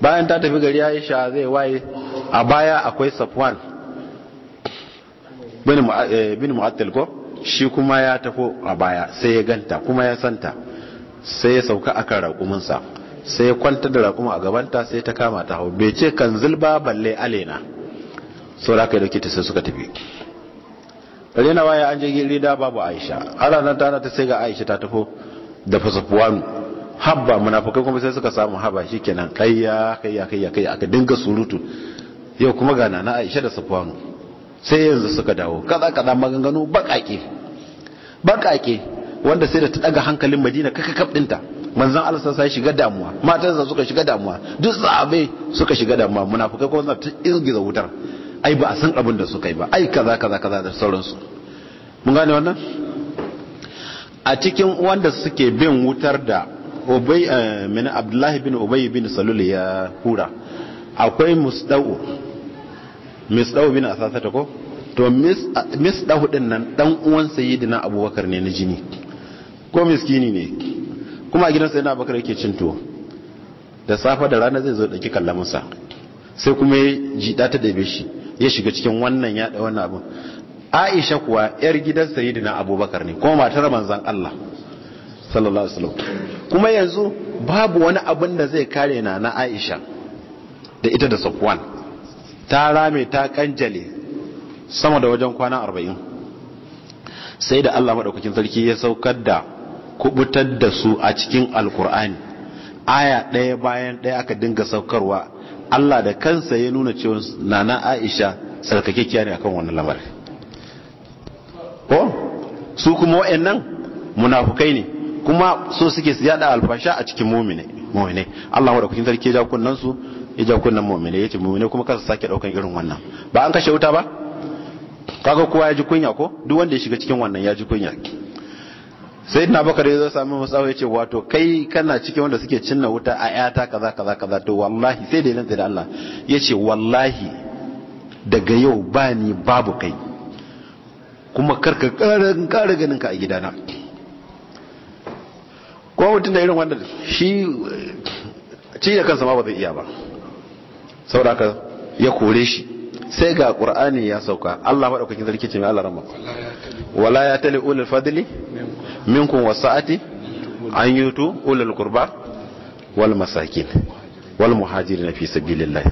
bayan ta tafi gari Aisha zai waye a baya akwai safwan eh, bin mu'attal ko shi kuma ya tafo a baya sai ya ganta kuma ya santa sai ya sauka akan raƙuminsa sai ya kwanta da raƙuma a gabanta sai ta kama ta hau bai ce kan zilba balle alena sau da aka yi dauki ta sai suka tafi rena waya an je rida babu aisha ana nan tana ta sai ga aisha ta tafo da fasafuwanu habba munafukai kuma sai suka samu haba shikenan kayya kayya kayya kayya aka dinga surutu yau kuma gana na aisha da safwanu sai yanzu suka dawo kaza kaza maganganu bakake bakake wanda sai da ta daga hankalin madina kaka kaf dinta manzon Allah sai shiga damuwa sa suka shiga damuwa duk sahabbai suka shiga damuwa munafikai kuma ta ingiza wutar ai ba a san abin da suka yi ba ai kaza kaza kaza da sauransu mun gane wannan a cikin wanda suke bin wutar da Ubay eh, Abdullahi bin Ubay bin Salul ya hura akwai Musda'u misdahu bin sasata ko to misdahu ɗin nan ɗan uwan sayyidina abubakar ne na jini ko miskini ne kuma a gidan sayyidina abubakar yake cin tuwo da safa da rana zai zo dauki kallamunsa sai kuma ya ji ta dabe shi ya shiga cikin wannan ya da wannan abun aisha kuwa yar gidan sayyidina abubakar ne kuma matar manzan Allah sallallahu alaihi wasallam kuma yanzu babu wani abin da zai kare na na aisha da ita da safwan ta rame ta kanjale sama da wajen kwana arba'in sai da Allah maɗaukakin sarki ya saukar da kubutar da su a cikin alkur'ani aya ɗaya bayan ɗaya aka dinga saukarwa Allah da kansa ya nuna cewa nana Aisha sarkakekiya ne akan wannan lamari ko su kuma wa'annan munafukai ne kuma so suke su yada alfasha a cikin mumine mumine Allah sarki ja kunnan su ya ja kunnan mu'mine yace mu'mine kuma kansa sake daukan irin wannan ba an kashe wuta ba kaga kowa ya ji kunya ko duk wanda ya shiga cikin wannan ya ji kunya sai na bakar ya zo sami musawa yace ce wato kai kana cikin wanda suke cinna wuta a yata kaza kaza kaza to wallahi sai da lantsa da Allah ya ce wallahi daga yau ba ni babu kai kuma karka kara ganin ka a gidana ko mutum da irin wanda shi ci da kansa ma ba zai iya ba saboda ya kore shi sai ga qur'ani ya sauka Allah madaukakin sarki ce mai Allah rahma wala ya tali ulul fadli minkum wasa'ati an yutu ulul qurba wal masakin wal muhajirin fi sabilillah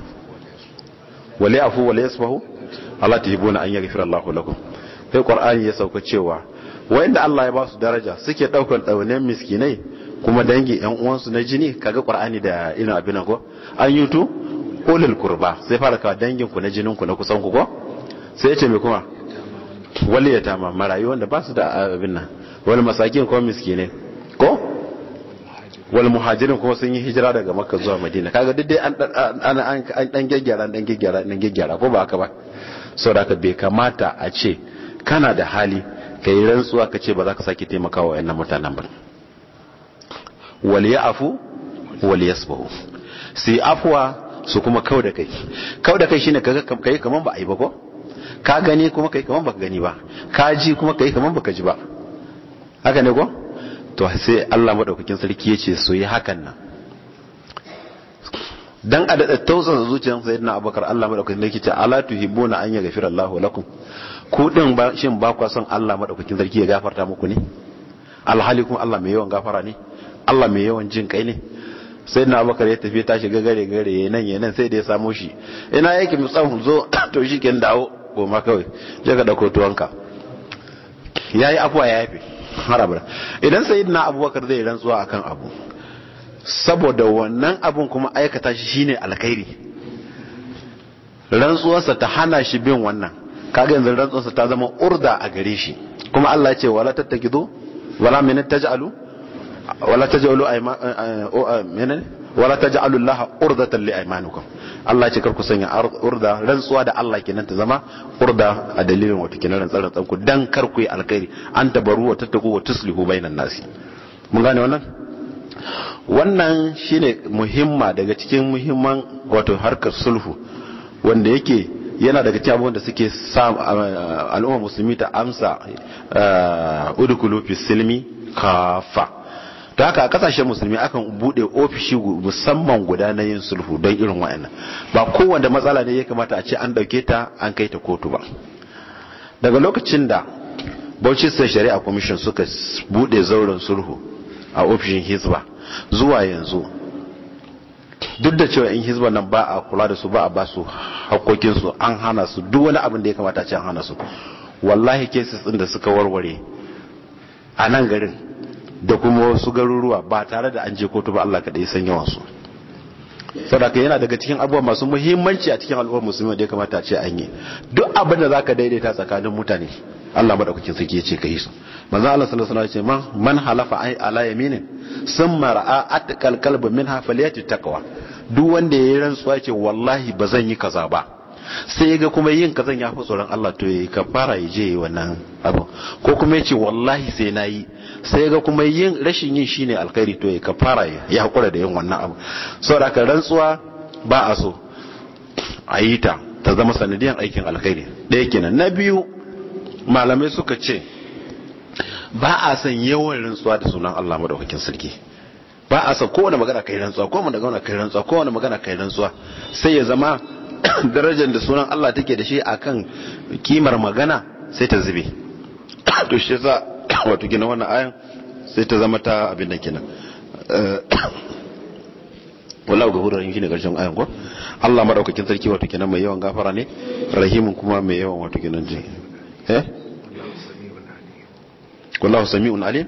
wala afu wala yasbahu Allah tuhibuna an yaghfir Allahu lakum sai qur'ani ya sauka cewa wanda Allah ya ba su daraja suke daukan daunen miskinai kuma dangi yan uwansu na jini kaga qur'ani da ina abin ko an yutu ulul qurba sai fara kawo dangin ku na jinin ku na kusan ku ko sai ya ce me kuma ya tama marayu wanda ba su da abin nan wal masakin ko miskine ko wal muhajirin kuma sun yi hijira daga makka zuwa madina kaga duk dai an an an dan gaggara dan gaggara dan gaggara ko ba haka ba saboda ka bai kamata a ce kana da hali ka yi rantsuwa ka ce ba za ka sake taimakawa wa yannan mutanen ba wal ya'fu wal yasbahu sai afwa su kuma kau da kai kau da kai shine ka kai kaman ba a yi ba ko ka gani kuma kai kaman baka gani ba ka ji kuma kai kaman baka ji ba haka ne ko to sai Allah madaukakin sarki yace su yi hakan nan dan a da tausan zuciyar sayyidina abubakar Allah madaukakin sarki ce ala tuhibuna an yaghfira Allahu lakum ku din ba shin ba ku son Allah madaukakin sarki ya gafarta muku ne alhali kuma Allah mai yawan gafara ne Allah mai yawan jin kai ne sai na abakar ya tafi tashi gagare gare ya nan ya nan sai da ya samo shi ina yake musamman zo to shi ke dawo goma kawai je ka dauko tuwanka ya yi afuwa ya yafe harabar idan sai na abubakar zai rantsuwa akan abu saboda wannan abun kuma aikata shi shine alkhairi rantsuwarsa ta hana shi bin wannan kaga yanzu rantsuwarsa ta zama urda a gare shi kuma Allah ya ce wala tattakidu wala min taj'alu wala taj'alu ayman wala taj'alu Allah urdatan li aymanikum Allah ce kar ku sanya urda rantsuwa da Allah nan ta zama urda a dalilin wata kenan rantsar rantsan ku dan kar ku yi alkhairi an tabaru wa tattaku wa tuslihu bainan nasi mun gane wannan wannan shine muhimma daga cikin muhimman wato harkar sulhu wanda yake yana daga cikin abubuwan da suke sa al'umma musulmi ta amsa udukulu fi silmi kafa ta haka a kasashen musulmi akan bude ofishi musamman guda na yin sulhu don irin wa'annan ba kowanne matsala ne ya kamata a ce an dauke ta an kai ta kotu ba daga lokacin da bauchi sai shari'a commission suka bude zauren sulhu a ofishin hizba zuwa yanzu duk da cewa in hizba nan ba a kula da su ba a ba su hakokinsu an hana su duk wani abin da ya kamata a ce an hana su wallahi cases din da suka warware a nan garin da kuma wasu garuruwa ba tare da an je kotu ba Allah kaɗai san yawan su sadaka yana daga cikin abubuwa masu muhimmanci a cikin al'ummar musulmi da ya kamata a ce an yi duk abin da zaka daidaita tsakanin mutane Allah madaukakin sarki ya ce ka yi su manzo Allah sallallahu alaihi wasallam ce man halafa ala yaminin summa ra'a atqal qalbu minha falyati taqwa duk wanda yayi rantsuwa ce wallahi ba zan yi kaza ba sai ga kuma yin kazan ya fi tsoron Allah to yayi kafara ya je wannan abu ko kuma ya ce wallahi sai na yi. sai ga kuma yin rashin yin shine alkhairi to ya kafara ya hakura da yin wannan abu saboda ka rantsuwa ba a so a yi ta ta zama sanadiyan aikin alkhairi ɗaya nan na biyu malamai suka ce ba a son yawan rantsuwa da sunan Allah madaukakin sarki ba a san kowane magana kai rantsuwa kowane magana kai rantsuwa kowane magana kai rantsuwa sai ya zama darajar da sunan Allah take da shi akan kimar magana sai ta zube to shi yasa wato gina wannan ayan sai ta zama ta abin da kenan eh, wallahu ghafurur rahim shine karshen ayan ko Allah madaukakin sarki wato kenan mai yawan gafara ne rahimin kuma mai yawan wato kenan ji eh wallahu sami'un alim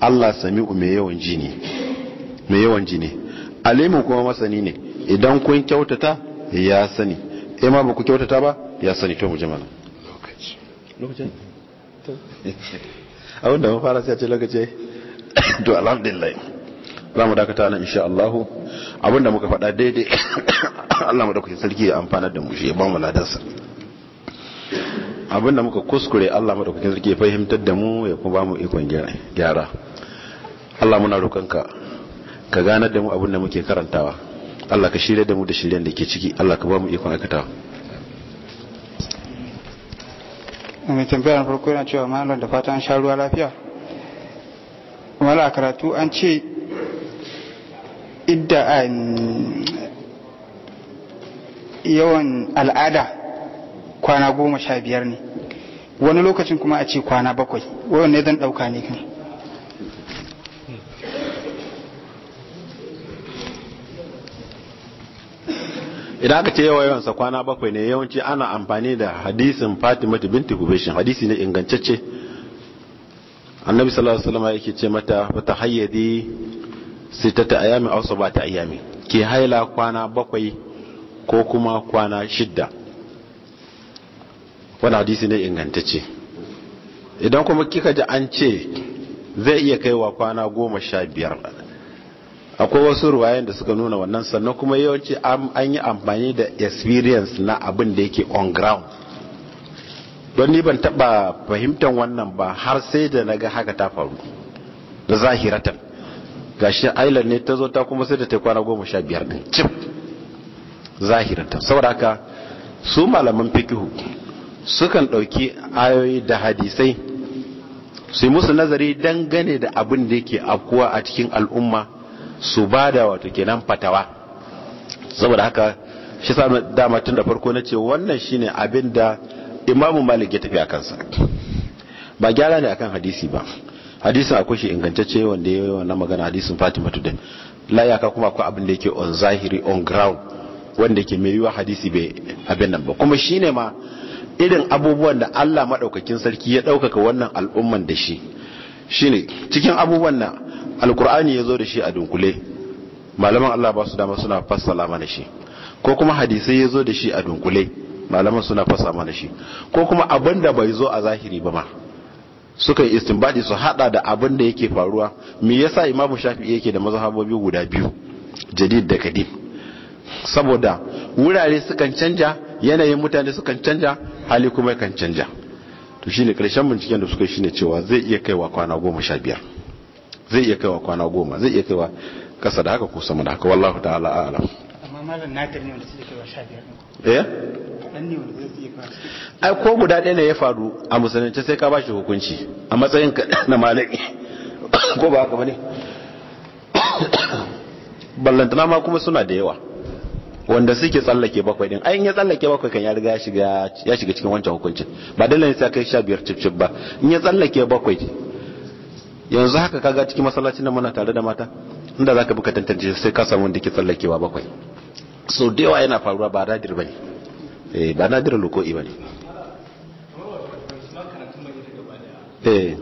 Allah sami'u mai yawan ji ne mai yawan ji ne alimu kuma masani ne idan kun kyautata ya sani eh ma ba ku kyautata ba ya sani to mu jama'a lokaci lokaci abin da mun fara sai ce lokaci to alhamdulillah za mu dakata nan insha Allah abin da muka faɗa daidai Allah madaukakin sarki ya amfana da mu shi ya ba mu ladansa abin da muka kuskure Allah madaukakin sarki ya fahimtar da mu ya kuma ba mu ikon gyara Allah muna roƙonka ka ganar da mu abin da muke karantawa Allah ka shirye da mu da shiryen da ke ciki Allah ka ba mu ikon aikatawa mai tambaya farko yana cewa malam da fata an sha ruwa lafiya mala karatu an ce idda yawan al'ada kwana goma sha biyar ne wani lokacin kuma a ce kwana bakwai wani ne zan ɗauka ne kan idan aka ce yawa yawansa kwana bakwai ne yawanci ana amfani da hadisin fatima binti Hubaysh hadisi ne ingantacce annabi sallallahu alaihi wasallam yake ce mata wata hayyadi sitata ayami aw sabata ayami ke haila kwana bakwai ko kuma kwana shidda wani hadisi ne ingantacce idan kuma kika ji an ce zai iya kaiwa kwana goma sha biyar akwai wasu ruwayen da suka nuna wannan sannan kuma yawanci an yi amfani da experience na abin da yake on ground don ni ban taba fahimtar wannan ba har sai da na ga haka ta faru da zahiratan gashi island ne ta zo ta kuma sai da ta kwana goma sha biyar din cif zahiratan saboda haka su malaman fikihu sukan ɗauki ayoyi da hadisai su yi musu nazari dangane da abin da yake afkuwa a cikin al'umma su ba da wato kenan fatawa saboda haka shi sa dama tun da farko na ce wannan shine abin da imamu malik ya tafi a kansa ba gyara ne akan hadisi ba hadisin akwai shi ingantacce wanda ya yi wannan magana hadisin fatima tudai layaka kuma akwai abin da yake on zahiri on ground wanda ke mai yiwa hadisi bai abin nan ba kuma shine ma irin abubuwan da Allah maɗaukakin sarki ya ɗaukaka wannan al'umman da shi shi ne cikin abubuwan nan alkur'ani ya zo da shi a dunkule malaman Allah ba su dama suna fassala mana shi ko kuma hadisai ya zo da shi a dunkule malaman suna fasa mana shi ko kuma abin da bai zo a zahiri ba ma suka yi istinbadi su hada da abin da yake faruwa me yasa imamu shafi yake da mazhabobi guda biyu jadid da kadim saboda wurare sukan canja yanayin mutane sukan canja hali kuma kan canja to shine karshen binciken da suka shine cewa zai iya kaiwa kwana goma sha biyar zai iya kaiwa kwana goma zai iya kaiwa kasa da haka ko sama da haka wallahu ta'ala a'ala amma malam na ne wanda suke kaiwa 15 eh kadan ne wanda zai iya kaiwa ai ko guda ɗaya ne ya faru a musulunci sai ka bashi hukunci a matsayin ka na malami ko ba haka bane ballantana ma kuma suna da yawa wanda suke tsallake bakwai din ayin ya tsallake bakwai kan ya riga ya shiga cikin wancan hukuncin ba dalilin ne sai kai sha biyar cip ba in ya tsallake bakwai yanzu haka kaga cikin masallacin na muna tare da mata inda zaka buka tantance sai ka samu wanda ke tsallakewa bakwai so da yawa yana faruwa ba nadir bane eh ba nadir loko'i bane eh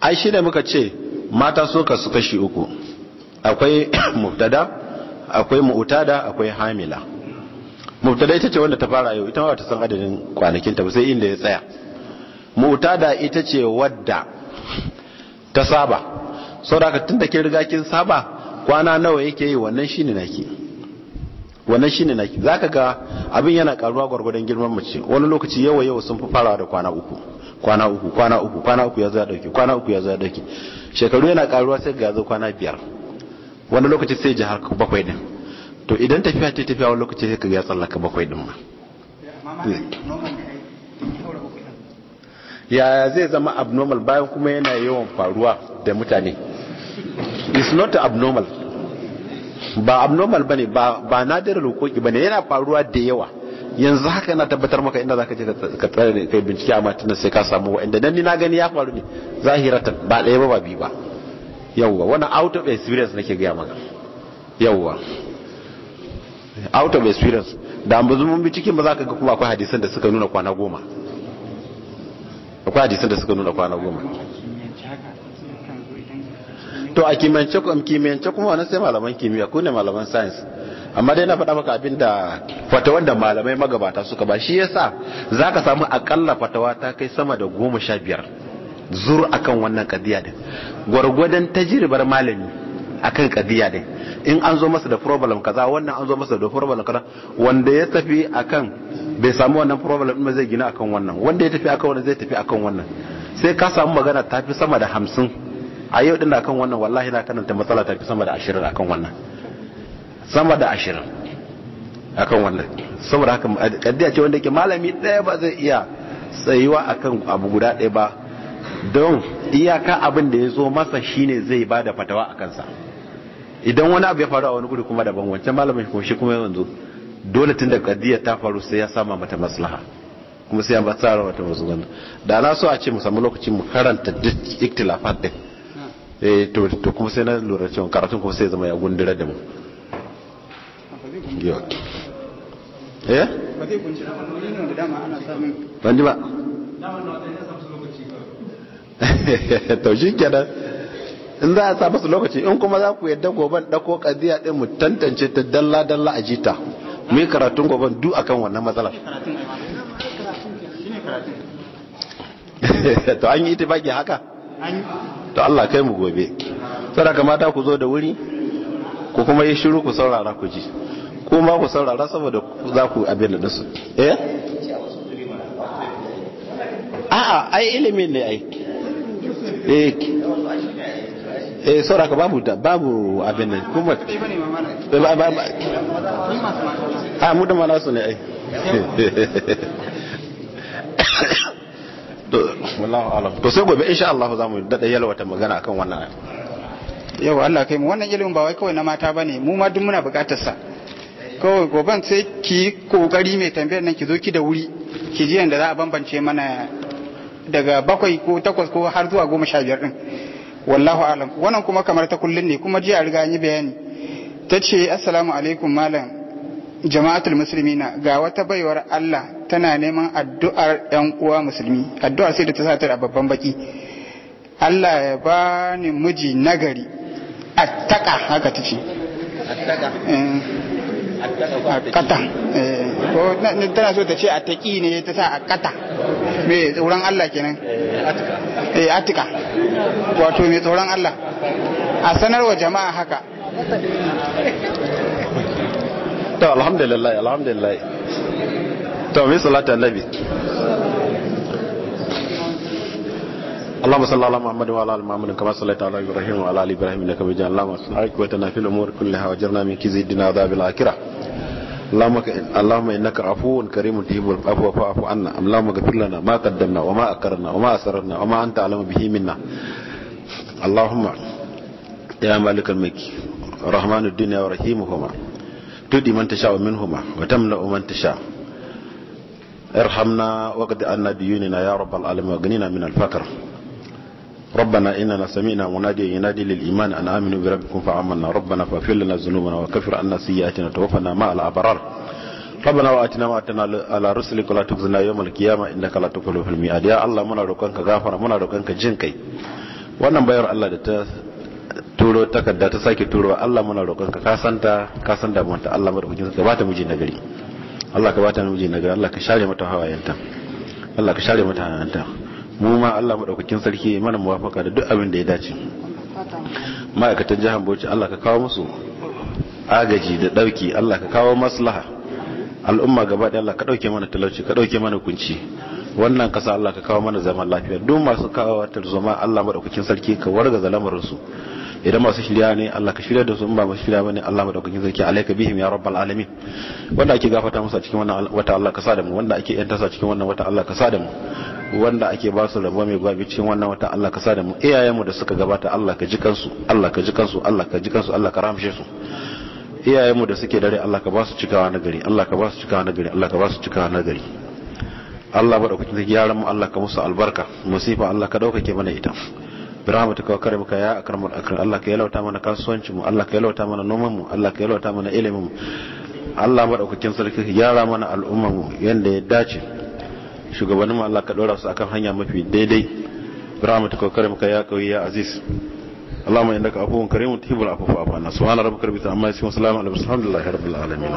ai shi ne muka ce mata so ka su kashi uku akwai mubtada akwai mu'tada akwai hamila mubtada ita ce wanda ta fara yau ita ma ta san adadin kwanakin ta ba sai inda ya tsaya mubtada ita ce wadda ta saba saboda tunda kin riga kin saba kwana nawa yake yi wannan shine naki wannan shine naki zaka ga abin yana karuwa gwargwadon girman mace wani lokaci yawa yawa sun fi farawa da kwana uku kwana uku kwana uku kwana uku ya zo dauke kwana uku ya zo dauke shekaru yana karuwa sai ga zo kwana biyar wani lokaci sai ji har bakwai din to idan tafiya ta tafiya wani lokaci sai ga ya tsallaka bakwai din ma ya zai zama abnormal bayan kuma yana yawan faruwa da mutane it's not abnormal ba abnormal bane ba ba nadirar hukuki bane yana faruwa da yawa yanzu haka na tabbatar maka inda zaka je ka tsare kai bincike amma tunan sai ka samu wa'anda dan ni na gani ya faru ne zahiratan ba daya ba ba biyu ba yawwa wannan out of experience nake gaya maka yawwa out of experience da an bazu mun bi cikin ba za ka ga kuma akwai hadisan da suka nuna kwana goma akwai hadisan da suka nuna kwana goma to a kimiyance kuma kimiyance kuma wannan sai malaman kimiyya ko ne malaman science amma dai na faɗa maka abin da fatawan da malamai magabata suka ba shi yasa za ka samu akalla fatawa ta kai sama da goma sha biyar zur akan wannan kadiya din gwargwadon tajiribar malami akan kadiya ne in an zo masa da problem kaza wannan an zo masa da problem kaza wanda ya tafi akan bai samu wannan problem din zai gina akan wannan wanda ya tafi akan wannan zai tafi akan wannan sai ka samu magana ta fi sama da hamsin a yau din akan wannan wallahi na ta matsala ta fi sama da ashirin akan wannan sama da ashirin akan wannan saboda haka kadiya ce wanda ke malami ɗaya ba zai iya tsayuwa akan abu guda ɗaya ba don iyaka abin da ya zo masa shine zai ba da fatawa a kansa idan wani abu ya faru a wani guri kuma daban wancan malamin kuma shi kuma yanzu dole tun da kadiyar ta faru sai ya sama mata maslaha kuma sai ya ba tsara wata mazugana da na so a ce mu samu lokaci mu karanta duk iktilafat din hmm. eh to to kuma sai na lura cewa karatun kuma sai zama ya gundura da mu eh? eh ba zai ban ji ba to shi kenan in za a sa su lokaci in kuma za ku yadda goban ɗako kadiya din mu tantance ta dalla dalla a jita mu yi karatun goban du akan wannan matsalar to an yi ita baki haka to Allah kai mu gobe sadaka mata ku zo da wuri ku kuma yi shiru ku saurara ku ji kuma ku saurara saboda za ku abin da su eh a'a ai ilimin ne ai eh eh saura ka babu babu abin nan kuma a ah, mu da malasu ne ai to sai gobe insha Allah za mu dada yalwata magana akan wannan yau Allah kai mu wannan ilimin ba wai kawai na mata bane mu ma duk muna bukatar sa kawai goban sai ki kokari mai tambayar nan ki zo ki da wuri ki ji yanda za a bambance mana daga bakwai ko takwas ko har zuwa goma sha biyar din wallahu alam wannan kuma kamar ta kullun ne kuma jiya riga an yi bayani ta ce assalamu alaikum malam jama'atul muslimina ga wata baiwar Allah tana neman addu'ar yan uwa musulmi addu'a sai da ta sata a babban baki Allah ya ba ni miji nagari attaka haka ta ce kata eh, ko tana so ta ce a taƙi ne ta sa a kata me tsoron Allah kenan eh atika eh, wato me tsoron Allah a sanarwa jama'a haka to alhamdulillah alhamdulillah to salatu annabi اللهم صل على محمد وعلى ال محمد كما صليت على ابراهيم وعلى ال ابراهيم انك حميد مجيد اللهم اصلح في الامور كلها واجرنا من كيد الدنيا وعذاب الاخره اللهم إنك عفو كريم تهيب العفو فاعف عنا اللهم اغفر لنا ما قدمنا وما أكرنا وما أسررنا وما أنت أعلم به منا اللهم يا مالك الملك رحمن الدنيا ورحيمهما تدي من تشاء منهما وتمنع من تشاء ارحمنا وقد أن ديوننا يا رب العالمين وغنينا من الفقر ربنا إننا سمعنا مناديا ينادي للإيمان أن آمنوا بربكم فعملنا ربنا فاغفر لنا ذنوبنا وكفر عنا سيئاتنا توفنا مع الأبرار ربنا وآتنا ما اتنا على رسلك ولا تخزنا يوم القيامة إنك لا في الميعاد يا الله منا روكانك غافر منا روكانك جنكي wannan bayar Allah da ta turo takarda ta sake turo Allah muna roƙonka ka santa ka san damuwanta Allah madaukakin ka bata miji nagari Allah ka bata miji nagari Allah ka share mata hawayenta Allah ka share mata hananta mu ma Allah madaukakin sarki ya mana muwafaka da duk abin da ya dace ma'aikatan jihar Bauchi Allah ka kawo musu agaji da dauki Allah ka kawo maslaha al'umma gaba da Allah ka dauke mana talauci ka dauke mana kunci wannan kasa Allah ka kawo mana zaman lafiya duk masu kawo tarzoma Allah madaukakin sarki ka wargaza lamarin su idan masu shirya ne Allah ka shirya da su in ba masu shirya bane Allah madaukakin sarki alayka bihim ya rabbal alamin wanda ake gafata musu cikin wannan wata Allah ka sa da mu wanda ake yanta sa cikin wannan wata Allah ka sa da mu wanda ake ba su rabuwa mai gwabi cikin wannan wata Allah ka sa da mu iyayenmu da suka gabata Allah ka ji kansu Allah ka ji kansu Allah ka ji kansu Allah ka ramshe su iyayenmu da suke dare Allah ka ba su cikawa na gari Allah ka ba su cikawa na gari Allah ka ba su cikawa na gari Allah ba da kuɗin yaran mu Allah ka musu albarka musifa Allah ka ɗaukake mana ita birhamatu ka kare muka ya karmar akram Allah ka yalauta mana kasuwancinmu mu Allah ka yalauta mana noman mu Allah ka yalauta mana ilimin mu Allah madaukakin sarki yara mana al'ummar mu yanda ya dace shugabannin Allah ka dora su akan hanya mafi daidai rahama ta kokare maka ya kawai ya aziz Allah mai indaka tibul a fana amma yasi rabbil alamin